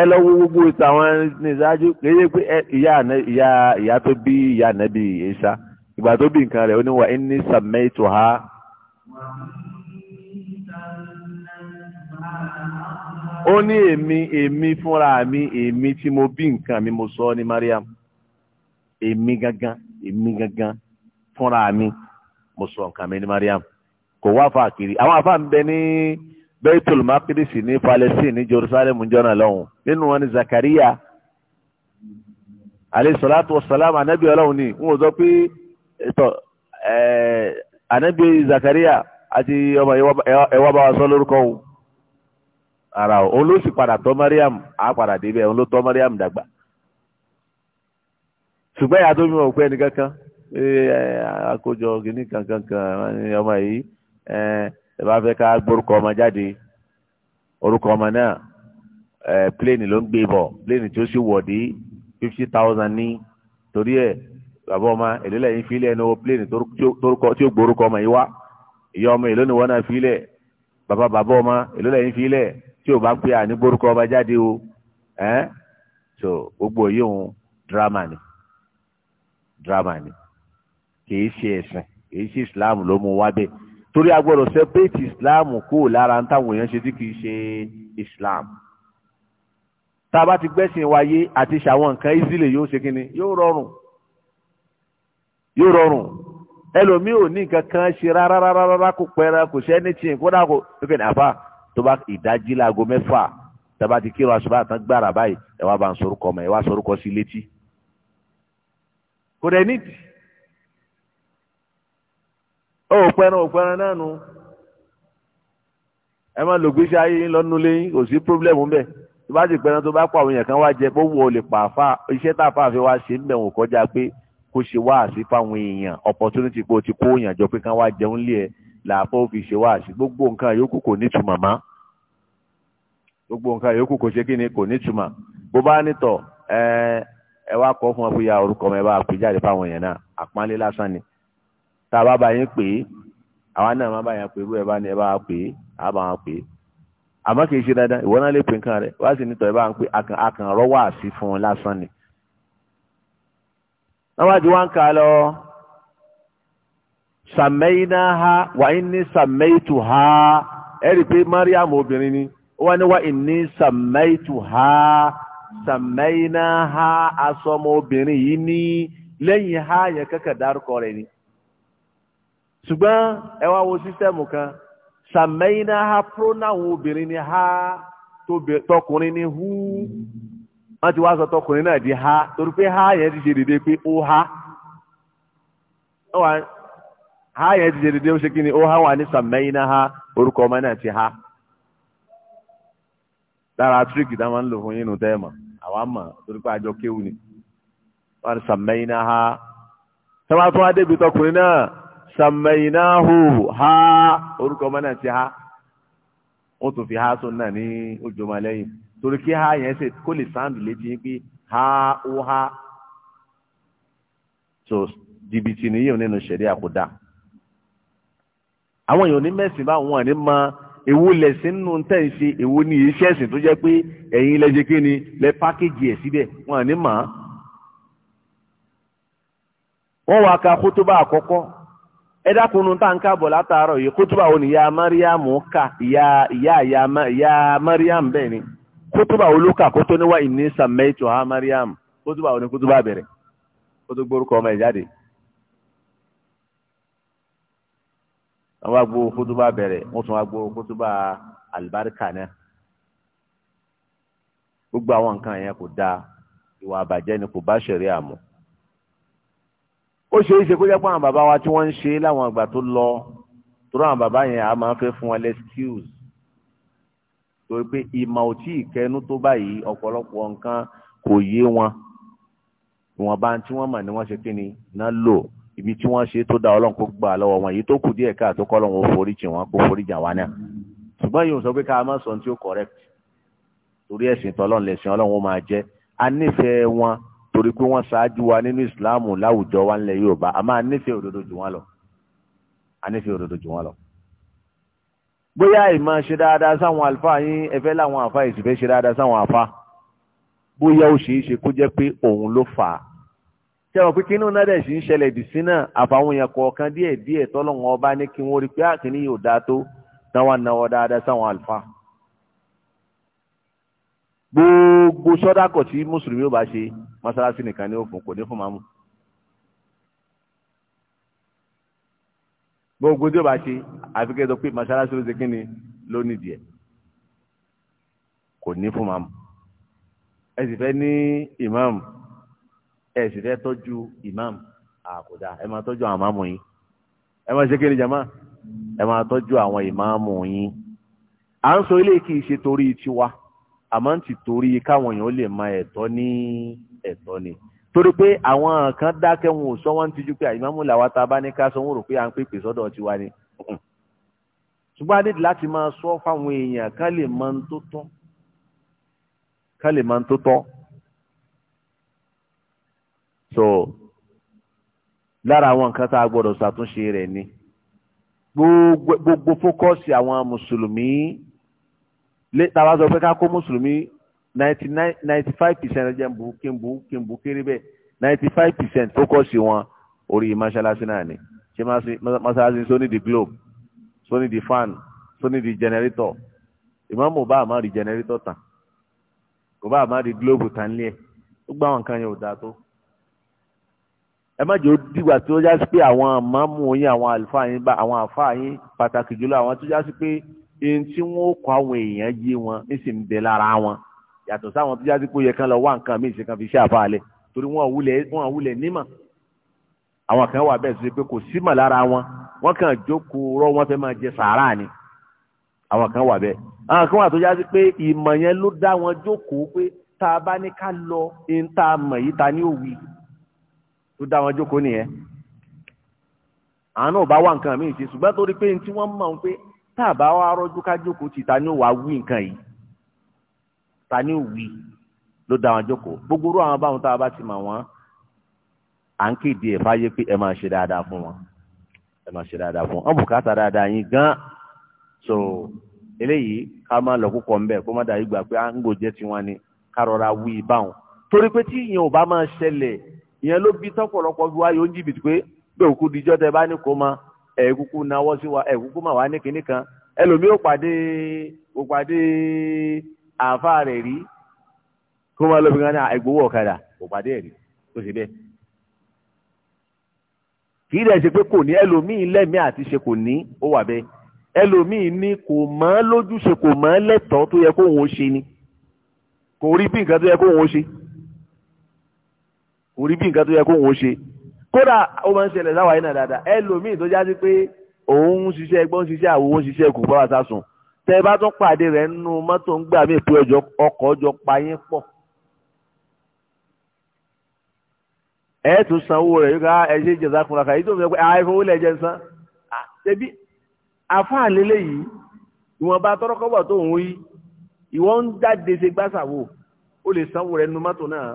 ẹ lọ wo gbogbo ìtàn àwọn nìṣáájú kéde pé ìyá ìyá ìyá tó bí ìyá nàbí ìyẹsà ìgbà tó bí nǹkan rẹ̀ ó ní wà ní sàmẹ́tò ha. ó ní èmi èmi fúnra mi èmi tí mo bí nǹkan mi mo sọ ọ́ ní Mariam èmi gangan èmi gangan fúnra mi mo sọ nǹkan mi ní Mariam kò wá fa kiri àwọn afa ń bẹ ní Baitul Maqdis ní Palestine ní Jerusalem jọ́nà lọ́hùn nínú wọn ni Zakariya alayhi salatu wa salam anabi ọlọ́hun ni n ò sọ pé ẹ̀tọ́ ẹ̀ẹ́ anabi Zakariya àti ọmọ ẹwà bá wa sọ lórúkọ o ara o òun ló sì padà tọ́ Mariam á padà débẹ̀ òun ló tọ́ Mariam dàgbà ṣùgbọ́n ìyá tó mi ò pẹ́ ẹnì kankan ẹ àkójọ kìnnìkan kankan ọmọ yìí. ẹ ẹ bá fẹ́ ká gbórúkọ ọmọ jáde orúkọ ọmọ náà ẹ pléènì ló ń gbé tí ó sì wọ̀dí fifty thousand ní torí ẹ bàbá ọmọ èlé lẹ́yìn fílẹ̀ ní owó pléènì tí ó gbórúkọ ọmọ yìí wá ìyá ọmọ èló ni náà bàbá bàbá o ẹ so gbogbo yìí drama ni Islam ló mú wá torí a gbọ́dọ̀ islam kó lára ń táwọn èèyàn ṣe tí kìí ṣe islam tá a bá ti gbẹ́sìn wáyé àti ṣàwọn nǹkan ìzílè yóò ṣe kínni yóò rọrùn yóò rọrùn ẹlòmíì ò ní nǹkan kan ṣe rárá rárá rárá kò pẹ́ẹ́rẹ́ kò ṣe ẹni tìǹ kódà kò lókè ní àfa tó bá ìdájí láago mẹ́fà tá a bá ti kírun àṣùbà tán gbàrà báyìí ẹ wá bá ń sorúkọ mọ́ ẹ wá sorúkọ sí létí kò dẹ̀ nídìí ó pẹran ó pẹran náà nu ẹ má lò gbèsè ayé yín lọ́nu léyìn kò sí pírọ́blẹ́mù ńbẹ tó bá sì pẹran tó bá pa àwọn èèyàn kan wá jẹ pé òun ò lè pa àfa iṣẹ́ tá a fà fi wá ṣe ń bẹ̀ wọ́n kọjá pé kó ṣe wá àṣì fáwọn èèyàn opportunity pé o ti kó èèyàn jọ pé kán wá jẹun lé ẹ làáfọ́ fi ṣe wá àṣì gbogbo nǹkan yòókù kò nítumọ̀ má gbogbo nǹkan yòókù kò ṣe kí ni kò nítumọ̀ bó bá nítọ̀ ẹ wá kọ́ fún ọ pé ya orúkọ mi ẹ bá pè jáde fáwọn èèyàn náà àpọ́nlé lásán ni tá a bá bá yín pè é àwa náà má bá yín pè é bó ẹ bá ní ẹ bá pè é á bá wọn pè é àmọ́ kì í ṣe dandan ìwọ náà lè pè nǹkan rẹ wá sí nítorí bá ń pè akàn akàn rọ wá fún un lásán ni. wọ́n wá di wá ń kà lọ sàmẹ́yìnà ha wàá ní sàmẹ́yìtù ha ẹ rí i pé mariam obìnrin ni wọ́n ní wá ìní sàmẹ́yìtù ha sàmẹ́yìnà ha asọ́mọ obìnrin yìí ní lẹ́yìn ha yẹn kẹ́kẹ́ dárúkọ rẹ̀ ni. ṣùgbọ́n ẹ wá wo sísẹ́mù kan sàmẹ́yìnà ha pronoun obìnrin ni ha tọkùnrin ni hu wọ́n ti wá sọ tọkùnrin náà ha torí pé ha yẹn ti ṣe dédé pé ha ha yẹn ti ṣe dédé ó ṣe kí ni ó ha wà ní ha orúkọ ọmọ ha lára tíríkì tá a máa ń lò fún yín nù tẹ́ ẹ̀ mọ̀ àwa mọ̀ torí pé àjọ kéwù ni wọ́n ti ha sàmẹ̀yìnáhù ha orúkọ ọmọ náà ti ha wọ́n tún fi ha sún náà ní ojúmọ́ lẹ́yìn torí kí ha yẹn ṣe kó lè sáàndì létí yín pé ha ó ha so jìbìtì nìyí nínú ṣẹ̀ríà kò àwọn èèyàn ní mẹ́sìn bá wọn ní mọ èwo lẹ̀sìn nínú tẹ̀ ń ṣe èwo ní iṣẹ́ ẹ̀sìn tó jẹ́ pé ẹ̀yin lẹ́jẹ̀ kí ni lẹ́ pákéjì ẹ̀ síbẹ̀ wọn ní mọ̀ wọ́n wá ka kótóbá àkọ́kọ́ ẹdákùnrin tá n kábọ̀ látàárọ̀ yìí kútùbà wo ni ìyá mariam kà ya ya ya mariam bẹ́ẹ̀ ni kútùbà wo ló kà kó níwá ìní sàmẹ́tò ha mariam kútùbà wo ni kútùbà bẹ̀rẹ̀ kó gbórúkọ ọmọ ẹ̀ jáde. wọ́n wá gbó kútùbà bẹ̀rẹ̀ wọ́n alibarika náà gbogbo àwọn nǹkan yẹn kò dáa ìwà àbàjẹ́ ni kò bá ó ṣe é ṣe kó jẹ́ pé àwọn bàbá wa tí wọ́n ń ṣe láwọn ìgbà tó lọ torí àwọn bàbá yẹn a máa ń fẹ́ fún wọn lẹ́skíùs torí pé ìmọ̀ ò tí ì kẹnu tó báyìí ọ̀pọ̀lọpọ̀ nǹkan kò yé wọn ìwọ̀nba tí wọ́n mọ̀ ni wọ́n ṣe kí ni náà lò ibi tí wọ́n ṣe tó da ọlọ́run kó gbà lọ́wọ́ wọn èyí tó kù díẹ̀ káà tó kọ́ lọ́wọ́ foríjì wọn kó foríjì àwa náà ṣùgbọ́n yìí ò sọ pé ká má sọ ohun tí ó correct torí ẹ̀sìn tọ́lọ́run lẹ̀sìn ọlọ́run ó máa jẹ́ a wọn torí pé wọ́n ṣáájú wa nínú ìsìláàmù láwùjọ wa ńlẹ̀ Yorùbá a máa nífẹ̀ẹ́ òdodo jù wọ́n lọ a nífẹ̀ẹ́ òdodo jù wọ́n lọ. bóyá ìmọ̀ ṣe dáadáa sáwọn àlùfáà yín ẹ̀fẹ́ láwọn àfa ìsìfẹ́ ṣe dáadáa sáwọn àfa bóyá ó ṣeé ṣe kó jẹ́ pé òun ló fà á. sẹ́wọ̀n pé kínú náà dẹ̀ sì ń ṣẹlẹ̀ dì sí náà àfàwọn èèyàn kọ̀ọ̀kan díẹ̀ díẹ̀ tọ́lọ́wọ́n ah, gbogbo sọdakọ tí mùsùlùmí ó bá ṣe mọ́sálásí nìkan ní òfin kò ní fún màmú. gbogbo tí o bá ṣe àfi kí ẹ sọ pé mọ́sálásí ló ṣe kí ni ló nídìí ẹ̀ kò ní fún màmú. ẹ sì fẹ́ ní ìmáàmù ẹ sì fẹ́ tọ́jú ìmáàmù àkùdá ẹ máa tọ́jú àwọn máàmù yín ẹ máa ṣe kí ni jama ẹ máa tọ́jú àwọn ìmáàmù yín à ń sọ ilé kì í ṣe torí tiwa àmọ́ ń ti torí káwọn èèyàn lè máa ẹ̀tọ́ ní ẹ̀tọ́ ni torí pé àwọn kan dákẹ́ wọn ò sọ wọ́n ti ju pé àyìnbámu làwa ta bá ní ká sọ wọn rò pé à ń pèpè sọ́dọ̀ tiwa ni ṣùgbọ́n adédè láti máa sọ fáwọn èèyàn ká lè mọ ohun tó tọ́ ká lè mọ ohun tó tọ́ so lára àwọn nǹkan tá a gbọ́dọ̀ ṣàtúnṣe rẹ̀ ni gbogbo fókọ́sì àwọn mùsùlùmí tá a sọ pé ká kó mùsùlùmí ninety nine ninety five percent ẹ jẹ́ nbù kí nbù kí nbù ninety five percent fókọ̀sì wọn orí mọ́ṣáláṣí náà ni ṣé mọ́ṣáláṣí sóní di globe sóní di fan sóní di generator ìmọ̀mù bá àmọ́ rí generator tàn kò bá rí globe tàn lé ẹ̀ ó gbá àwọn nǹkan yẹn ò dáa tó ẹ má jẹ́ ó dìgbà tí ó jásí pé àwọn àmọ́mù yín àwọn àlùfáà yín bá àwọn àfáà yín pàtàkì jùlọ àwọn tó jásí pé ẹni tí wọ́n kọ́ àwọn èèyàn yé wọn ní sì ń bẹ lára wọn yàtọ̀ sáwọn tó jáde pé yẹ kán lọ wá nǹkan míì ṣe kan fi ṣe àfààlẹ̀ torí wọn wulẹ̀ wọn wulẹ̀ nímọ̀ àwọn kan wà bẹ́ẹ̀ sọ pé kò símọ̀ lára wọn wọn kàn jókòó rọ wọn fẹ́ máa jẹ sàárà ni àwọn kan wà bẹ́ẹ̀ àwọn kan wà tó jáde pé ìmọ̀ yẹn ló dá wọn jókòó pé tá a bá ní ká lọ ní tá a mọ̀ yìí ta ni ó wí tó dá wọn jókòó nìyẹn àwọn náà bá wá nǹkan míì ṣe ṣùgbọ́n torí pé ní wọ́n mọ̀ pé tá a bá wá rọ́jú ká jókòó ti ta ni ó wàá wí nǹkan yìí ta ni òwì ló da wọn jókòó gbogbo orú àwọn báwọn tá a bá ti mọ̀ wọn à ń kéde ẹ fáyé pé ẹ máa ṣe dáadáa fún wọn ẹ máa ṣe dáadáa fún wọn gan so eléyìí ká máa lọ kúkọ ńbẹ kó má dàbí gbà pé à ń tiwọn ni ká rọra báwọn torí pé tí ìyẹn ò bá máa ìyẹn ló bí wáyé oúnjẹ ma wa ẹ̀ kúkú àfa rẹ̀ rí kó máa lọ bí wọn náà ẹgbowó ọ̀kadà kò pàdé ẹ̀rí tó ṣe bẹ́ẹ̀. kì í dẹ̀ ṣe pé kò ní ẹlòmíì lẹ́mìí àti ṣe kò ní ó wà bẹ́ẹ̀ ẹlòmíì ní kò mọ́ lójúṣe kò mọ́ lẹ́tọ̀ọ́ tó yẹ kóun ó ṣe ni kò rí bí nǹkan tó yẹ kóun ó ṣe kò rí bí nǹkan tó yẹ kóun ó ṣe kódà ó máa ń ṣẹlẹ̀ láwàá yìí náà dáadáa ẹlòmíì tó já sí pé òun ń ṣiṣẹ́ ẹgbọ́n ń ṣiṣẹ́ àwòrán ń ṣiṣẹ́ kò bá wa sá sùn tẹ ẹ bá tún pàdé rẹ̀ nínú mọ́tò ń gbà mí pé ọkọ̀ ọjọ́ pa yín pọ̀. ẹ tún sanwó rẹ̀ yóò ká ẹ ṣe jẹ̀sà kúnra ká yìí tó ń sọ pé àìfowó lẹ̀ jẹ̀ san. ṣebí àfáàlélẹ̀ yìí ìwọ̀nba tọ́rọ́kọ́bọ̀ tó ń wí ìwọ́n ń jáde ṣe gbàsàwò ó lè sanwó rẹ̀ nínú mọ́tò náà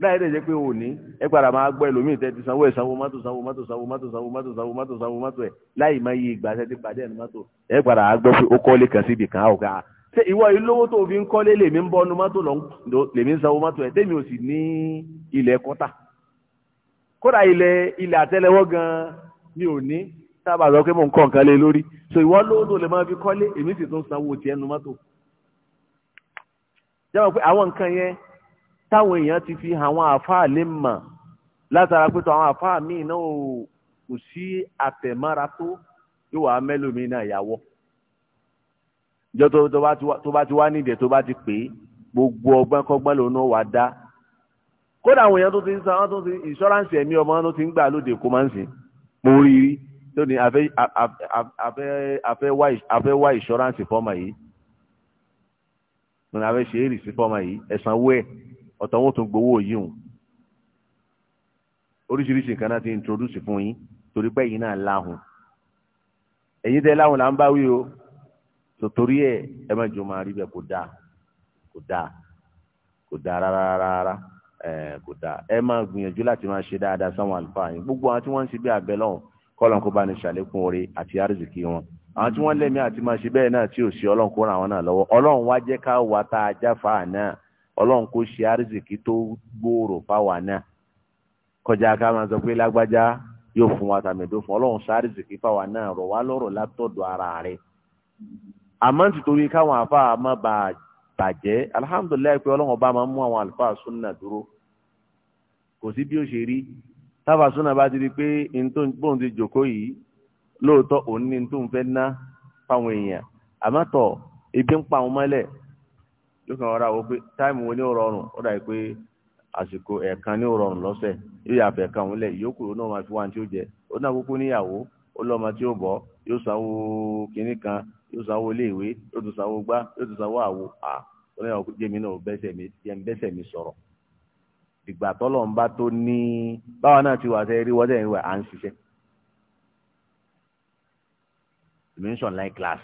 láì lè jẹ́ pé o ní ẹ padà máa gbọ́ ẹlòmíì tẹ́ ti sanwó ẹ̀ sanwó mọ́tò sanwó mọ́tò sanwó mọ́tò sanwó mọ́tò sanwó mọ́tò sanwó mọ́tò ẹ̀ láì máa yí ìgbà tẹ́ ti pàdé ẹ̀nu mọ́tò ẹ padà á gbọ́ pé ó kọ́lé kan síbi kan àwọn kan ṣé ìwọ yìí lówó tó fi ń kọ́lé lèmi ń bọ́nu mọ́tò lọ lèmi ń sanwó mọ́tò ẹ̀ tẹ́mi ò sì ní ilẹ̀ kọ́tà kódà ilẹ̀ ilẹ̀ àtẹ́lẹwọ́ gan mi ò ní sábà sọ pé táwọn èèyàn ti fi àwọn àfáà lè mọ̀ látara pé tó àwọn àfáà míì náà kò sí àtẹ̀mára tó yóò wá mẹ́lòmíì náà yàwọ́ ìjọ tó bá ti wá nídìí tó bá ti pè é gbogbo ọgbọ́n kọ́gbọ́n lòun náà wà dá kódà àwọn èèyàn tó ti ń san tó ti ìṣọ́ránsì ẹ̀mí ọmọ tó ti ń gbà lóde kó máa ń sìn mo rí tó ní afẹ́ wá ìṣọ́ránsì fọ́mà yìí mo ní afẹ́ ṣe é rì sí fọ́mà yìí ẹ̀sán wẹ́ẹ̀ ọ̀tọ̀ wọn tún gbowó yìí hùn oríṣiríṣi nǹkan náà ti introduce fún yín torí pé yìí náà láhùn ẹ̀yin tẹ́ láhùn là ń bá wí o tòtòrí ẹ̀ ẹ má jọ máa rí bẹ́ẹ̀ kò dáa kò dáa kò dáa rárá rárá ẹ̀ kò dáa ẹ máa gbìyànjú láti máa ṣe dáadáa sáwọn àlùfáà yín gbogbo àwọn tí wọ́n ń ṣe bí abẹ lọ́hùn kọ́lọ́n kó bá ní ṣàlékún oore àti àrísìkí wọn àwọn tí wọ́n lẹ́mìí àti máa ṣe bẹ́ẹ̀ náà tí ò sí ọlọ́run kó ràn àwọn náà lọ́wọ́ ọlọ́run wá jẹ́ ká wà tá a jáfa náà ọlọ́run kò ṣe àrísìkí tó gbòòrò fáwa náà kọjá ká máa sọ pé yóò fún wa tàmẹ̀dó fún ọlọ́run ṣe àrísìkí fáwa náà rọ̀ wá lọ́rọ̀ látọ̀dọ̀ ara rẹ̀ àmọ́ nítorí káwọn afá má bàjẹ́ alihamudulilayi pé ọlọ́run ọba máa mú àwọn àlùfáà súnà dúró kò sí bí ó ṣe rí súnà bá ti pé bóun ti jòkó yìí lóòótọ́ òun fẹ́ ná fáwọn èèyàn ebi ń yóò kàn rọra wo pé táìmù wo ní ó rọrùn ó dà pé àsìkò ẹ̀ẹ̀kan ní ó rọrùn lọ́sẹ̀ yóò yà fẹ̀ kan òun lẹ̀ ìyókù náà máa fi wá ní tí ó jẹ ó náà kúkú níyàwó ó lọ́mọ tí ó bọ̀ yóò sanwó kan yóò sanwó yóò tún sanwó gbá yóò tún sanwó àwo à ó náà náà bẹ́sẹ̀ mi bẹ́sẹ̀ mi sọ̀rọ̀ ìgbà tọ́lọ̀ ń bá tó ní báwa náà ti wà sẹ́ rí ń ṣiṣẹ́ dimension class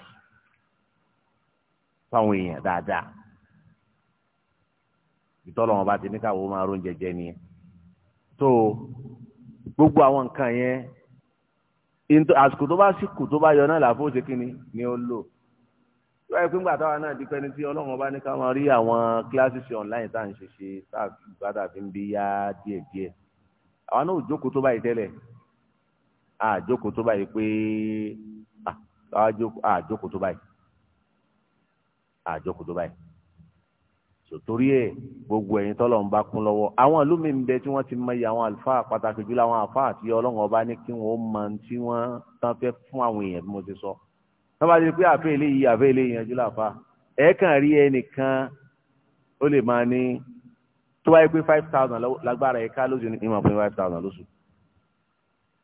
fáwọn èèyàn dáadáa ìtọ́lọ̀ wọn bá ti ní káwọ́ máa rún jẹjẹ nìyẹn tó gbogbo àwọn nǹkan yẹn àsìkò tó bá síkù tó bá yọ náà làbó ṣe kíni ni ó lò lọ́wọ́ ẹ̀ pé ńgbà táwa náà di pẹ́ni tí ọlọ́run bá ní ká máa rí àwọn kíláàsì online tá à ń ṣe ṣe tá à fi gbádà fi ń bí yá díẹ̀díẹ̀ àwọn náà ò jókòó tó báyìí tẹ́lẹ̀ àjókòó tó báyìí pé àjókòó tó báyìí àjókòó tó báyìí sòtórí ẹ gbogbo ẹ̀yin tọ́lọ̀ ń bá kún lọ́wọ́ àwọn ìlú mi ń bẹ tí wọ́n ti mọ iye àwọn àlùfáà pàtàkì jùlọ àwọn àlùfáà àti ọlọ́run ọba ní kí wọ́n mọ tí wọ́n tán fẹ́ fún àwọn èèyàn bí mo ti sọ. wọ́n bá ti pé àfẹ́ eléyìí àfẹ́ eléyìí yanjú làfà ẹ̀ẹ́kàn rí ẹnìkan ó lè máa ní tó bá yẹ pé five thousand lágbára ẹ̀ka lóṣù ni ìmọ̀ fún yín five thousand lóṣù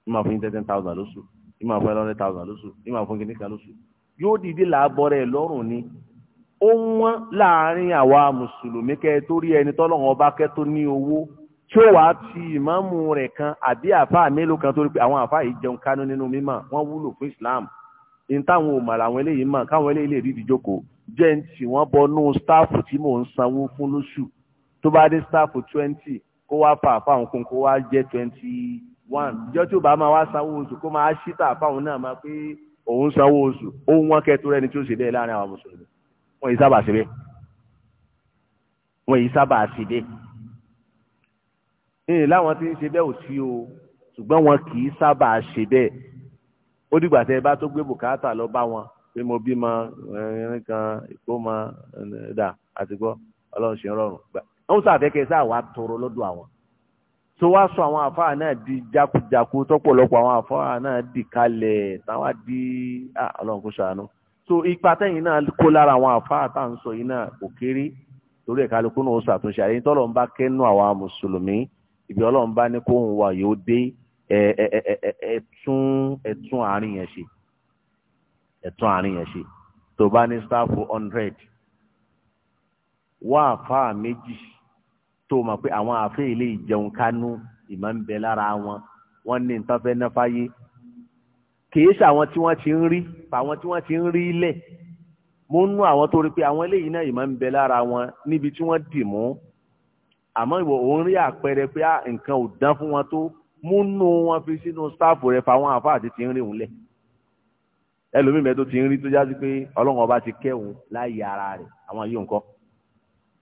ìmọ̀ fún yín ten thousand lóṣù ìmọ̀ fún yín hundred thousand lóṣù ìmọ̀ fún yín kìnnìkan lóṣù yóò dìde làábọ̀ rẹ̀ lọ́rùn ni ó wọ́n láàrin àwa mùsùlùmí kẹ́ torí ẹni tọ́lọ́wọ́n ọba kẹ́ tó ní owó tí ó wàá ti ìmáàmù rẹ̀ kan àbí àfáà mélòó kan torí pé àwọn àfáà yìí jẹun kánú nínú mímọ̀ wọ́n wúlò fún Islam ní táwọn òmà làwọn eléyìí mọ̀ káwọn eléyìí lè rí ìdíjókòó jẹ́ ń tì wọ́n bọnú sítáàfù tí mò ń sanwó fún lóṣù tó bá dé sítáàfù twenty kó wá fà fáwọn kún kó wá jẹ́ twenty one ìjọ tí ó bá máa wá sanwó oṣù kó máa ṣí tà fáwọn náà máa pé òun wọn yìí sábà síbẹ̀ wọn yìí sábà síbẹ̀ ee láwọn tí ń ṣe bẹ́ẹ̀ ò sí o ṣùgbọ́n wọn kì í sábà ṣe bẹ́ẹ̀ ó dìgbà tẹ́ ẹ bá tó gbé bùkátà lọ bá wọn pé mo bímọ ẹ̀rín kan ìkómọ dà àti gbọ́ ọlọ́run ṣe rọrùn gbà wọ́n sàfẹ́kẹ́ sáà wàá tọrọ lọ́dọ̀ àwọn tó wá sọ àwọn àfáà náà di jákujàku tọ́pọ̀lọpọ̀ àwọn àfáà náà di kalẹ̀ táwa di ah, ọlọ́run kò ṣàánú so ipa tẹ́yìn náà kó lára àwọn àfáà tá à ń sọ yìí náà kò kéré torí ẹ̀ka lóko náà ó ṣàtúnṣe àyè tí ọlọ́run bá kẹ́nu àwa mùsùlùmí ibi ọlọ́run bá ní kó òun wà yóò dé ẹ̀ẹ́tún ẹ̀tún àárín yẹn ṣe ẹ̀tún àárín yẹn ṣe tó bá ní sáfù hundred wá àfáà méjì tó mọ̀ pé àwọn àfẹ́ ilé ìjẹun kánú ìmọ̀ ń bẹ lára wọn wọ́n ní nǹkan fẹ́ náfáyé kìí ṣe àwọn tí wọ́n ti ń rí àwọn tí wọ́n ti ń rí lẹ̀ mo ń nú àwọn tó rí pé àwọn eléyìí náà ìmọ̀ ń bẹ lára wọn níbi tí wọ́n dì mú àmọ́ ìwọ òun rí àpẹẹrẹ pé ah, nǹkan ò dán fún wọn tó mú nú wọn fi sínú sáàpù rẹ fáwọn àfáà ti ti ń rí òun lẹ̀ ẹlòmíì mẹ́tò ti ń rí tó jásí pé ọlọ́run ọba ti kẹ́ òun láàyè ara rẹ̀ àwọn yìí nǹkan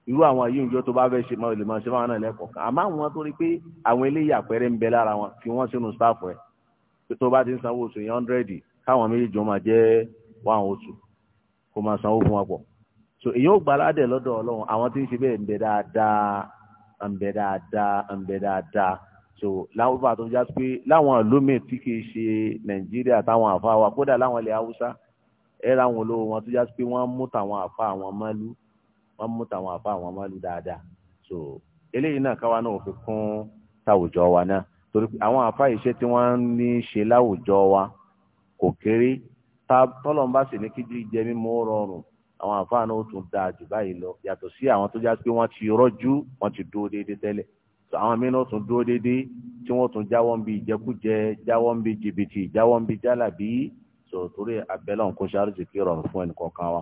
irú àwọn yìí nǹkan tó bá fẹ́ ṣe máa lè máa ṣe máa náà lẹ́kọ̀ọ́ àmọ́ àwọn tó rí pé àwọn eléyìí àpẹẹrẹ ń bẹ lára wọn fi wọ́n sínú sáàpù rẹ̀ pé tó bá ti ń sanwó oṣù yẹn hundred káwọn méjèèjì ó máa jẹ́ one oṣù kó máa sanwó fún wa pọ̀ so èyí ó gba aládẹ̀ lọ́dọ̀ ọlọ́run àwọn tí ń ṣe bẹ́ẹ̀ ń dáadáa ń dáadáa ń dáadáa so láwọn bá tó já pé láwọn ìlúmi tí kì í ṣe nàìjíríà táwọn àfa wa kódà láwọn ilẹ̀ haúsá ẹ ra àwọn olówó wọn tó já pé wọ́n mú tàwọn àfa àwọn mọ́lú wọ́n mú tàwọn àfa àwọn mọ́lú dáadáa so eléyìí náà káwa náà ò kún táwùjọ wa náà torí pé àwọn àfa iṣẹ́ tí wọ́n ní ṣe láwùjọ wa kò kéré tá tọ́lọ́n bá sì ní kí jíjẹ mímú rọrùn àwọn àfa náà ó tún dáa jù báyìí lọ yàtọ̀ sí àwọn tó já pé wọ́n ti rọ́jú wọ́n ti dúró déédéé tẹ́lẹ̀ àwọn míín náà tún dúró déédéé tí wọ́n tún jáwọ́ ń bi ìjẹkújẹ jáwọ́ ń bi jìbìtì jáwọ́ ń bi jálàbí so torí abẹ́lẹ̀ òǹkó ṣáàrùsì kí rọrùn fún ẹnì kọ̀ọ̀kan wa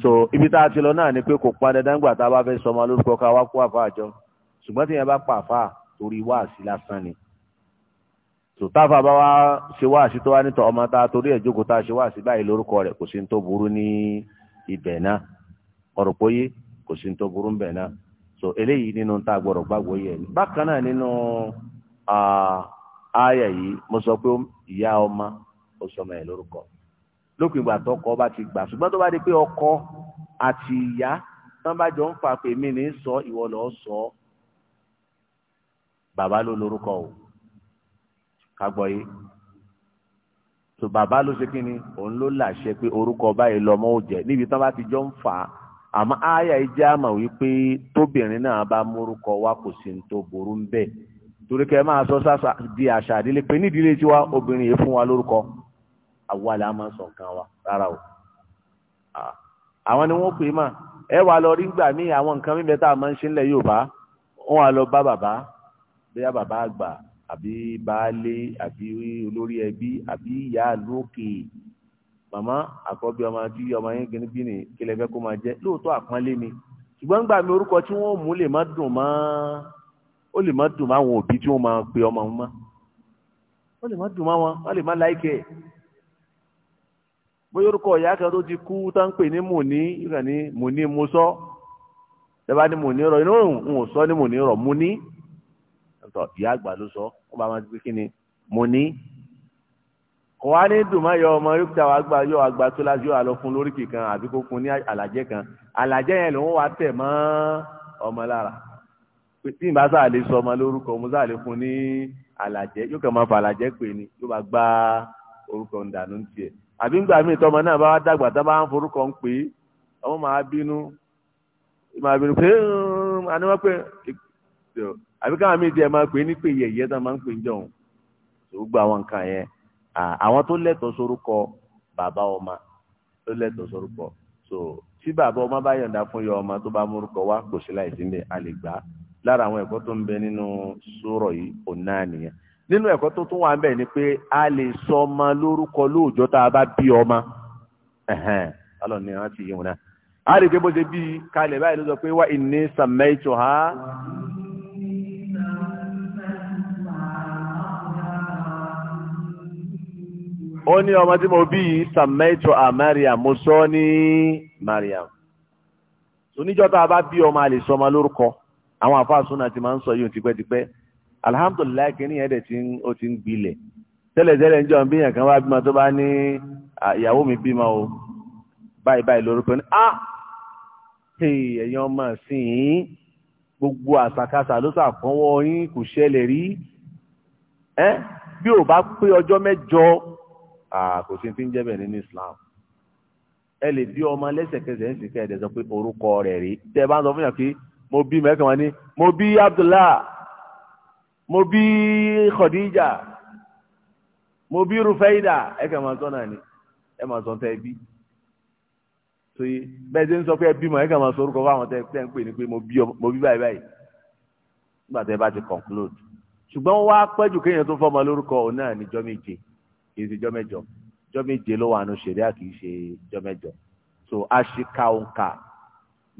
so ibi tá a ti lọ náà ni pé kò pa dandan gbà tá a bá fẹ́ sọmọ lórúkọ ká kó àfa àjọ ṣùgbọ́n tí yẹn bá pa àfa torí wáàsí lásán ni sòtáfà bá wá ṣe wá àṣì tó wá nítọ ọmọ tá a torí ẹ jókòó tá a ṣe wá àṣì báyìí lórúkọ rẹ kò sí ní tó burú ní ibẹ̀ náà ọ̀rọ̀ pòye kò sí ní tó burú níbẹ̀ náà so eléyìí nínú tá a gbọ́dọ̀ gbàgbọ́ yẹ ni bákan náà nínú ààyè yìí mo sọ pé ìyá ọmọ ó sọmọ ẹ lórúkọ lópin ìgbà tọkọ bá ti gbà ṣùgbọ́n tó bá di pé ọkọ àti ìyá tán bá jọ ń fà pé ní sọ ìwọ sọ bàbá ló lórúkọ o kagbọ́ yìí tó bàbá ló ṣe kí ni òun ló làṣẹ pé orúkọ báyìí lọmọ ò jẹ níbi tán bá ti jọ ń fà á àmọ́ àyà yìí jẹ́ àmọ̀ wípé tóbìnrin náà bá mórúkọ wa kò sí ní tó burú ń bẹ̀ torí kẹ́ máa sọ sáà di àṣà àdílé pé nídìílé tiwa obìnrin yìí fún wa lórúkọ àwa la máa sọ nǹkan wa rárá o àwọn ni wọ́n pè mà ẹ wà lọ rí gbà míì àwọn nǹkan mímẹ́ta máa ń ṣe ńlẹ̀ Yorùbá wọ́n wà lọ bá bàbá bóyá àbí baálé àbí olórí ẹbí àbí ìyá lókè màmá àkọ́bí ọmọ tí ọmọ yẹn gbin bí ni kílẹ̀ fẹ́ kó máa jẹ́ lóòótọ́ àpọ́nlé ni ṣùgbọ́n gbà mí orúkọ tí wọ́n mú lè má dùn mọ́ ó lè má dùn mọ́ àwọn òbí tí wọ́n máa pe ọmọ wọn mọ́ ó lè má dùn mọ́ wọn wọ́n lè má láìkẹ́ ẹ̀ bóyá orúkọ ìyá kan tó ti kú tá ń pè ní mòní ìkànnì mòní mo sọ ẹ bá ní mòní rọ inú òun ò sọ ní mòní rọ mòní tọ ìyá àgbà ló sọ ó bá máa gbé kíni mo ní. kò wá ní dùnmọ́ yọ ọmọ yókùtà wa gba yọ àgbà tó lájú yọ àlọ́ fún lóríkì kan àbí kó fún ní àlàjẹ́ kan àlàjẹ́ yẹn lòún wá tẹ̀ mọ́ ọmọ lára tí n bá sáà lè sọ ọmọ lórúkọ mo sáà lè fún ní àlàjẹ́ yóò kàn máa fa àlàjẹ́ pè ní yóò bá gbá orúkọ ńdànù tiẹ̀ àbí ńgbà míì tọmọ náà bá wá dàgbà tá bá ń forúkọ ń pè é ọmọ máa bínú máa bínú pé àníwọ́n pé àbí káwọn míì tiẹ̀ máa pè é ní pè yẹ̀yẹ́ tá a máa ń pè ń jọ̀hún tó gba àwọn nǹkan yẹn àwọn tó lẹ́tọ̀ọ́ sórúkọ bàbá ọmọ tó lẹ́tọ̀ọ́ sórúkọ so tí bàbá ọmọ bá yọ̀ǹda fún yọ ọmọ tó bá múrúkọ wá kò sí láì sílẹ̀ a lè gbà á lára àwọn ẹ̀kọ́ tó ń bẹ nínú sórọ̀ yìí òun náà nìyẹn nínú ẹ̀kọ́ tó tún wà ń bẹ ni pé a lè sọ lórúkọ lóòjọ́ tá a bá bí ọmọ alọ́ ni wọ́n ti yí wọn náà a lè gbé bó ṣe bí kalẹ̀ báyìí ló sọ pé wá ìní sàmẹ́ìtò ha. ó ní ọmọ tí mo bí sàmẹ́tò à mariam mo sọ ní mariam oníjọ́ tá a bá bí ọmọ a lè sọ ọmọ lórúkọ àwọn àfáàsúnà ti máa ń sọ yìí tipẹ́tipẹ́ alihamudulilayi kìíní yẹn dẹ̀ ó ti ń gbilẹ̀ tẹ́lẹ̀tẹ́lẹ̀ níjọ́ bí yẹn kan wá bímọ tó bá ní ìyàwó mi bímọ o báyìí báyìí lórúkọ ní a ah! ẹ̀yin ọmọ sí gbogbo àṣàkáṣà ló ṣàfọwọ́ yín kò ṣẹlẹ̀ rí bí ò bá pé ọjọ́ mẹ́jọ kò sí ti ń jẹ́ bẹ́ẹ̀ nínú Islam ẹ lè bí ọmọ lẹ́sẹ̀kẹsẹ̀ ń sìn kẹ́ ẹ̀ sọ pé orúkọ rẹ̀ rí tẹ́ ẹ bá ń sọ fún yàn pé mo bí mẹ́kàn wọn ni mo bí Abdullah mo bí Khadija mo bí Rufayda ẹ kẹ́ máa sọ náà ni ẹ máa sọ tẹ́ ẹ bí soye bẹ́ẹ̀ ṣe ń sọ pé ẹ bímọ ẹ kàn máa sọ orúkọ fáwọn tẹ́ ẹ ń pè ní pé mo bí báyìí báyìí nígbà tẹ́ ẹ bá ti conclude ṣùgbọ́n wọ́n wá pẹ́jù kéèyàn tó fọmọ lórúkọ òun náà níjọ́ méje kì í ṣe jọ́ mẹ́jọ jọ́ méje ló wà nù kì so a ṣì ka òǹkà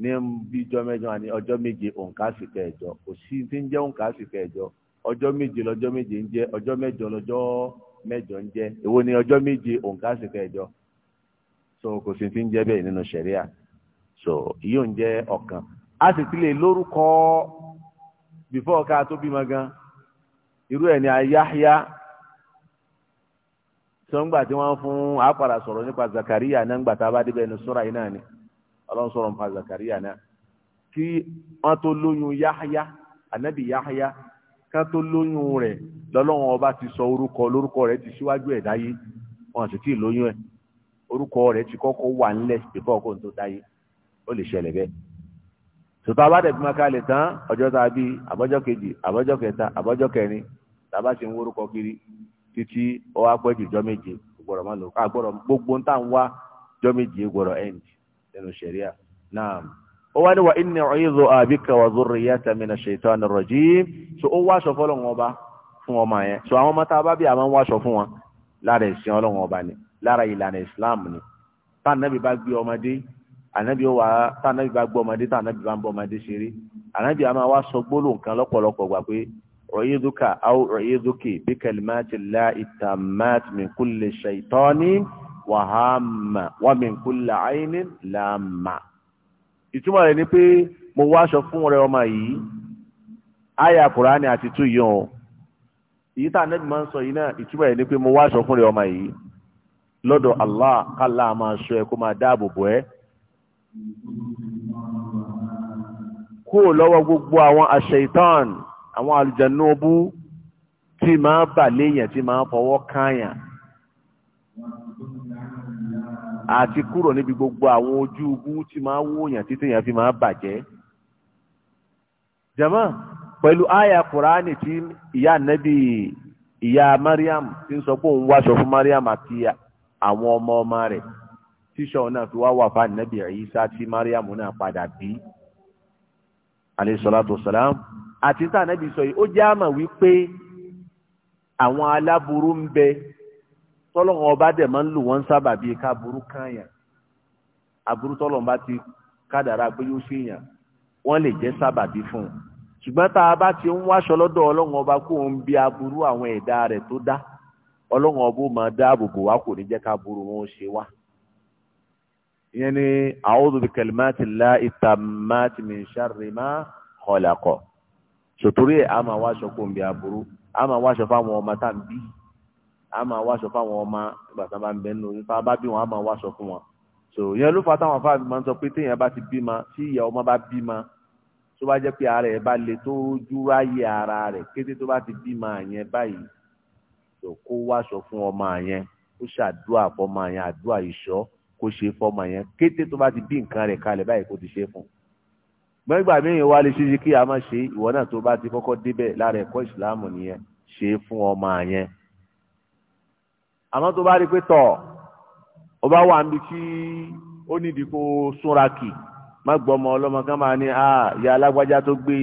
ní bí jọ́ mẹ́jọ àní ọjọ́ méje òǹkà sì kẹ́ ẹ̀jọ kò sí ti ń jẹ́ òǹkà sì kẹ́ ẹ̀jọ ọjọ́ méje lọ́jọ́ méje ń jẹ́ ọjọ́ mẹ́jọ lọ́jọ́ mẹ́jọ ń jẹ́ èwo ni ọjọ́ méje òǹkà sì kẹ́ ẹ̀jọ so kò sí ti ń jẹ́ bẹ́ẹ̀ nínú ṣẹ̀ríà so yóò ń jẹ́ ọ̀kan a sì ti lè lórúkọ ká tó bímọ gan ngba tí wọ́n fún apàrà sọ̀rọ̀ nípa Zakariya náà ńgbà tá a bá débẹ̀ ní sọ́ra yìí náà ni sọ̀rọ̀ nípa Zakariya náà kí wọ́n tó lóyún Yahya anabi Yahya ká tó lóyún rẹ̀ lọ́lọ́run ọba ti sọ orúkọ lórúkọ ti síwájú dáyé wọn sì lóyún orúkọ ti wà tó dáyé ó lè abádẹ́bí máa tán ọjọ́ tá a bí abọ́jọ́ kejì abọ́jọ́ kẹta abọ́jọ́ kẹrin ti ń títí ó wá pẹ́ jù jọ́ méje gbọ́dọ̀ má lò ká gbọ́dọ̀ gbogbo ń tà ń wá jọ́ méje gbọ́dọ̀ end nínú sẹ̀ríà náà ó wá ní wa inni ọ̀yẹ́zọ àbíkà wà zurriyata minash shaitani rajim so ó wáṣọ fọlọ́wọ́n ọba fún ọmọ yẹn so àwọn ọmọ tá a bá bí àwọn wáṣọ fún wọn lára ẹ̀sìn ọlọ́wọ́n ọba ni lára ìlànà Islam ni tá ànábì bá gbé ọmọdé ànábì ó wà á tá ànábì bá gbé ọmọdé tá ànábì bá ń bọ ọmọdé ṣeré ànábì á máa wá sọ gbólóhùn kan lọ́pọ̀lọpọ̀ gbà أعيذك أو أعيذك بكلمات الله التامات من كل شيطان وهام ومن كل عين لامة ìtumọ̀ rẹ̀ ni pé mo wá aṣọ fún rẹ ọmọ yìí àyà kùránì àti tú yìí o èyí tá anẹ́bí máa ń sọ yìí náà ìtumọ̀ rẹ̀ ni pé mo wá aṣọ fún rẹ ọmọ yìí lọ́dọ̀ Allah kálá máa ṣọ́ ẹ kó máa dáàbò bò ẹ́ kúrò lọ́wọ́ gbogbo àwọn àṣẹ àwọn àlùjànnú bú tí máa bà léèyàn tí máa fọwọ́ káàyàn àti kúrò níbi gbogbo àwọn ojú bú tí máa wòyàn títí èèyàn fi máa bàjẹ́ jama pẹ̀lú àyà kùránì tí ìyá nẹ́bí ìyá mariam ti ń sọ pé òun wáṣọ fún mariam àti àwọn ọmọ ọmọ rẹ̀ tíṣọ náà fi wá wà fún ànẹ́bí Ìsá tí mariam náà padà bí alayhi salatu wassalam àti sànẹ́bí sọ yìí ó jẹ́ àmà wípé àwọn aláburú ń bẹ tọ́lọ́wọ́n ọba dẹ̀ máa ń lò wọ́n sábà bíi ká burú káyàn aburú tọ́lọ́wọ́n bá ti kádàrá pé yóò ṣe yàn wọ́n lè jẹ́ sábàbí fún un ṣùgbọ́n tá a bá ti ń wáṣọ lọ́dọ̀ ọlọ́run ọba kó ń bi aburú àwọn ẹ̀dá rẹ̀ tó dá ọlọ́run ọba ó máa dáàbò bò wá kò ní jẹ́ ká burú wọn ó ṣe wá. ìyẹn ni a'udhu bi kalimati llahi tammati min sharri ma khalaqa sòtórí ẹ̀ a máa wá aṣọ kó ń bẹ aburú a máa wá aṣọ fáwọn ọmọ tá à ń bí a máa wá aṣọ fáwọn ọmọ ìgbà tá a bá ń bẹ nínú nípa bá bí wọn a wá aṣọ fún wọn so yẹn ló fà táwọn fáwọn máa ń sọ pé téèyàn bá ti bímọ tí ìyá ọmọ bá bímọ tó bá jẹ́ pé ara ẹ̀ bá le tó rójú ráyè ara rẹ̀ kété tó bá ti bímọ àyẹn báyìí so kó wá aṣọ fún ọmọ àyẹn kó ṣàdúrà fọmọ àyẹn àdúrà ìṣọ́ kó ṣe fọmọ àyẹn kété tó bá ti bí nǹkan rẹ̀ kalẹ̀ báyìí kó ti ṣe fún un gbẹ́gbà míì wá lè ṣíṣe kí a máa ṣe ìwọ náà tó bá ti kọ́kọ́ débẹ̀ lára ẹ̀kọ́ ìsìláàmù nìyẹn ṣe é fún ọmọ yẹn. àmọ́ tó bá rí pé tọ̀ ó bá wà níbi tí ó nídìí kó súnra kì má gbọ́ ọmọ ọlọ́mọ kan máa ní à ìyá alágbájá tó gbé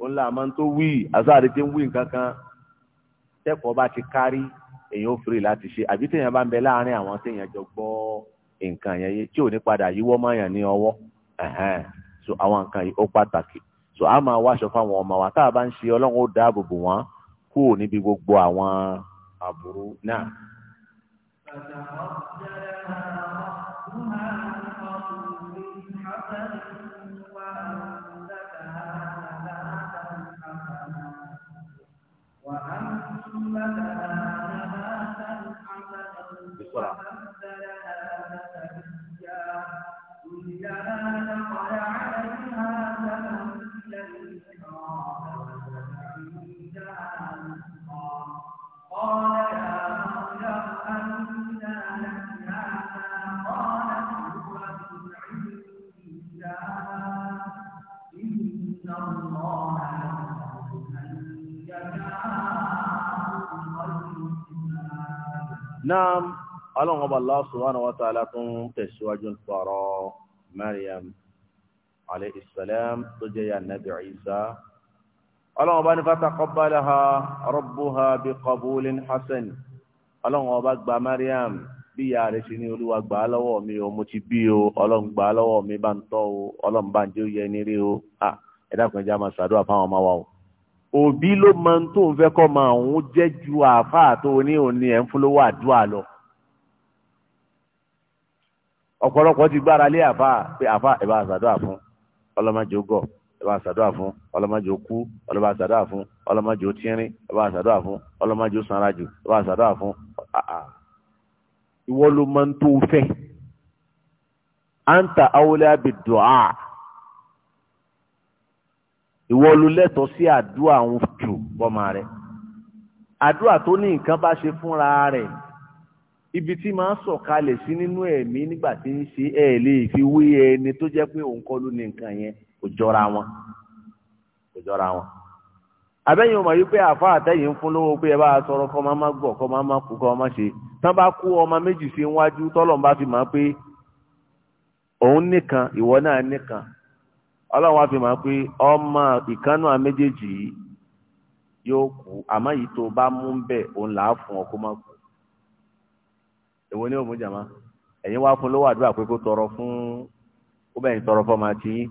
òun là máa ń tó wí àsáàrí tí ń wí nǹkan kan tẹ́kọ̀ọ́ bá ti kárí èèyàn ó fèrè láti ṣe àbí téèyàn bá ń bẹ láàárín àwọn téèyàn jọ gbọ́ nǹkan yẹn tí ò ní padà yíwọ́ mọ́yàn ní ọwọ́ so àwọn nǹkan yìí ó pàtàkì so a máa wáṣọ fáwọn ọmọ wa tá a bá ń ṣe ọlọ́run ó dáàbò bò wọ́n kúrò níbi gbogbo àwọn àbúrú náà. náà ọlọ́run ọba Allah subhanahu wa ta'ala tún tẹ̀síwájú sọ̀rọ̀ Maryam alayhi salam tó jẹ́ ya nabi Isa ọlọ́run ọba ní fataqabbalaha rabbuha biqabulin hasan ọlọ́run ọba gba Maryam bí ìyá rẹ̀ ṣe ní olúwa gbà á lọ́wọ́ mi o mo ti bí o ọlọ́run gbà lọ́wọ́ mi bá ń tọ́ o ọlọ́run bá ń jẹ́ òye ẹni rí o ẹ̀dá kan jẹ́ àmà ṣàdúrà fáwọn ọmọ wa o òbí ló máa ń tó ń fẹ́ kọ́ máa òun jẹ́ ju àáfàá tó ní òní ẹ̀ ń fúlówó àdúrà lọ. ọ̀pọ̀lọpọ̀ ti gbára lé àáfàá pé àáfàá ẹ̀ bá ṣàdúrà fún ọlọ́mọdé ogọ̀ ẹ̀ bá ṣàdúrà fún ọlọ́mọdé okú ẹ̀ bá ṣàdúrà fún ọlọ́mọdé otírin ẹ̀ bá ṣàdúrà fún ọlọ́mọdé osanrajù ẹ̀ bá ṣàdúrà fún ìwọ ló máa tó fẹ́ ìwọ ló lẹ́tọ̀ọ́ sí àdúrà òun jù bọ́mọ rẹ̀ àdúrà tó ní nǹkan bá ṣe fúnra rẹ̀ ibi tí máa ń sọ̀kalẹ̀ sí nínú ẹ̀mí nígbà tí ń ṣe ẹ̀ lè fi wí ẹni tó jẹ́ pé òun kọ́ ló ní nǹkan yẹn kò jọra wọn kò jọra wọn. abẹ́yìn ọmọ yìí pé àfa àtẹ̀yìn fún lówó pé ẹ bá a sọ̀rọ̀ kọ́ máa má gbọ̀ kọ́ máa má kú kọ́ máa ṣe tán bá kú ọmọ méjì sí iwájú tọ́lọ́run bá fi mọ̀ pé òun nìkan ìwọ náà nìkan ọlọ́run wá fi mọ̀ pé ọmọ ìkánú àméjèèjì yìí yóò kú àmọ́ yìí tó bá mú ń bẹ̀ òun là á fún ọ kó má kú èwo ni òun jàmá ẹ̀yin wá fún lówó àdúrà pé kó tọrọ fún ó bẹ̀yìn tọrọ fọmọ àti yín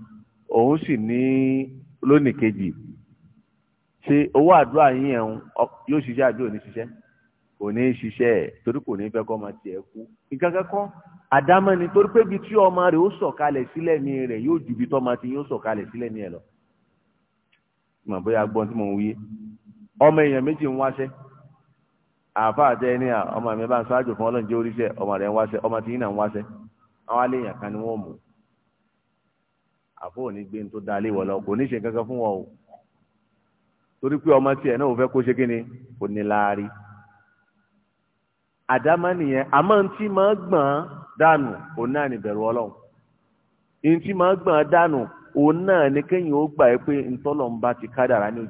òun sì ní lónìí kejì ṣe owó àdúrà yín ẹ̀ ń yóò ṣiṣẹ́ àbí òní ṣiṣẹ́ kò ṣiṣẹ́ torí kò ní fẹ́ kọ́ ọmọ tiẹ̀ kú nǹkan kan àdámọ́ ni torí pé ibi tí ọmọ rẹ̀ ó sọ̀kalẹ̀ sílẹ̀ ní rẹ̀ yóò ju ibi tọ́mọ ti yóò sọ̀kalẹ̀ sílẹ̀ ní ẹ̀ lọ. mà bóyá gbọ́n tí mò ń wuyé ọmọ èèyàn méjì ń wáṣẹ́ àáfàá à ọmọ mi bá ń fún ọlọ́run jẹ́ ọmọ rẹ̀ ń ọmọ yín náà ń wáṣẹ́ àwọn alẹ́ èèyàn kan ni gbé tó da alẹ́ wọlọ kò ní fún wọn o dànù òun náà ní bẹ̀rù ọlọ́run èyí tí màá gbọ̀n dànù òun náà ní kéèyàn ó gbà pé ntọ́lọ̀ ń bá ti kádàrá ní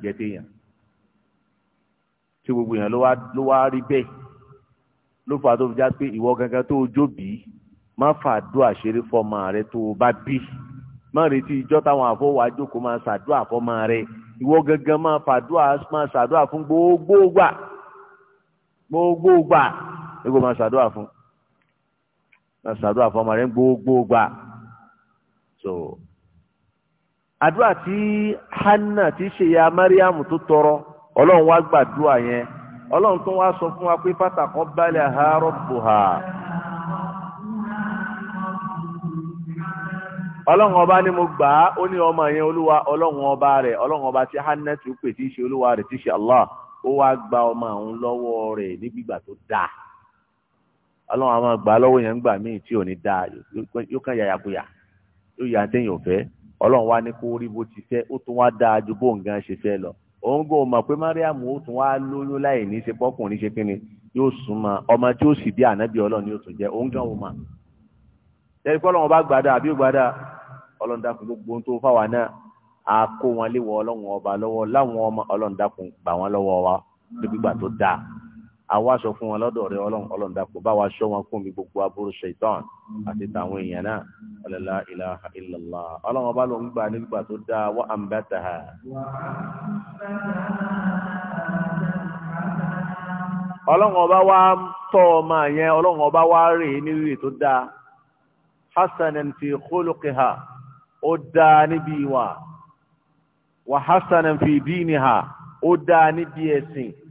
tí gbogbo èèyàn ló wá rí bẹ́ẹ̀ ló fà tó fi já pé ìwọ gangan tó o má fà dó àṣírí fọmọ rẹ tó o bá bí má retí ìjọ táwọn àfọwájú kò máa ṣàdúrà fọmọ rẹ ìwọ gangan máa fàdúrà máa ṣàdúrà fún gbogbo gbà gbogbo gbà máa fún máa ṣàdúrà fọmọ rẹ gbogbo gbà so àdúrà tí Hannah ti ṣe ya Mariam tó tọrọ ọlọ́run wá gbàdúrà yẹn ọlọ́run tó wá sọ fún wa pé pátákọ́ balẹ̀ ha rọ́bù ha. ọlọ́run ọba ni mo gbà á ó ní ọmọ yẹn olúwa ọlọ́run ọba rẹ̀ ọlọ́run ọba tí Hannah ti pè tí í ṣe olúwa rẹ̀ tí í ṣe Allah ó wá gba ọmọ àwọn lọ́wọ́ rẹ̀ ní gbígbà tó dáa ọlọ́run àwọn àgbà lọ́wọ́ yẹn ń gbà míì tí ò ní dáa yóò kàn yàyàkuyà yóò yà téèyàn ò fẹ́ ọlọ́run wá ní kó rí bó ti fẹ́ ó tún wá dáa ju bó nǹkan ṣe fẹ́ lọ òun kò mọ̀ pé mariam ó tún wá lóyún láì ní í ṣe pọ́kùnrin ṣe kíni yóò súnmọ́ ọmọ tí ó sì bí ànábì ọlọ́run yóò tún jẹ́ òun gan òun mà pé ọlọ́run bá gbàdá àbí gbàdá ọlọ́run dákun gbogbo ohun tó fáwa náà a wọn léwọ ọlọ́run ọba lọ́wọ́ láwọn ọmọ ọlọ́run dákun gbà wọ́n lọ́wọ́ wa nígbà tó dáa àwa aṣọ fún wọn lọ́dọ̀ rẹ ọlọ́run ọlọ́run dàpọ̀ bá wa ṣọ́ wọn fún mi gbogbo aburú ṣaitan àti tàwọn èèyàn náà ọlọ́lá ilaha illallah ọlọ́run ọba ló ń gbà nígbà tó dáa wa ambataha. ọlọ́run ọba wa tọ́ ọmọ yẹn ọlọ́run ọba wa rè é nírì tó dáa hasanan fi khuluqiha ó dáa níbi ìwà wa hasanan fi diniha ó dáa níbi ẹ̀sìn.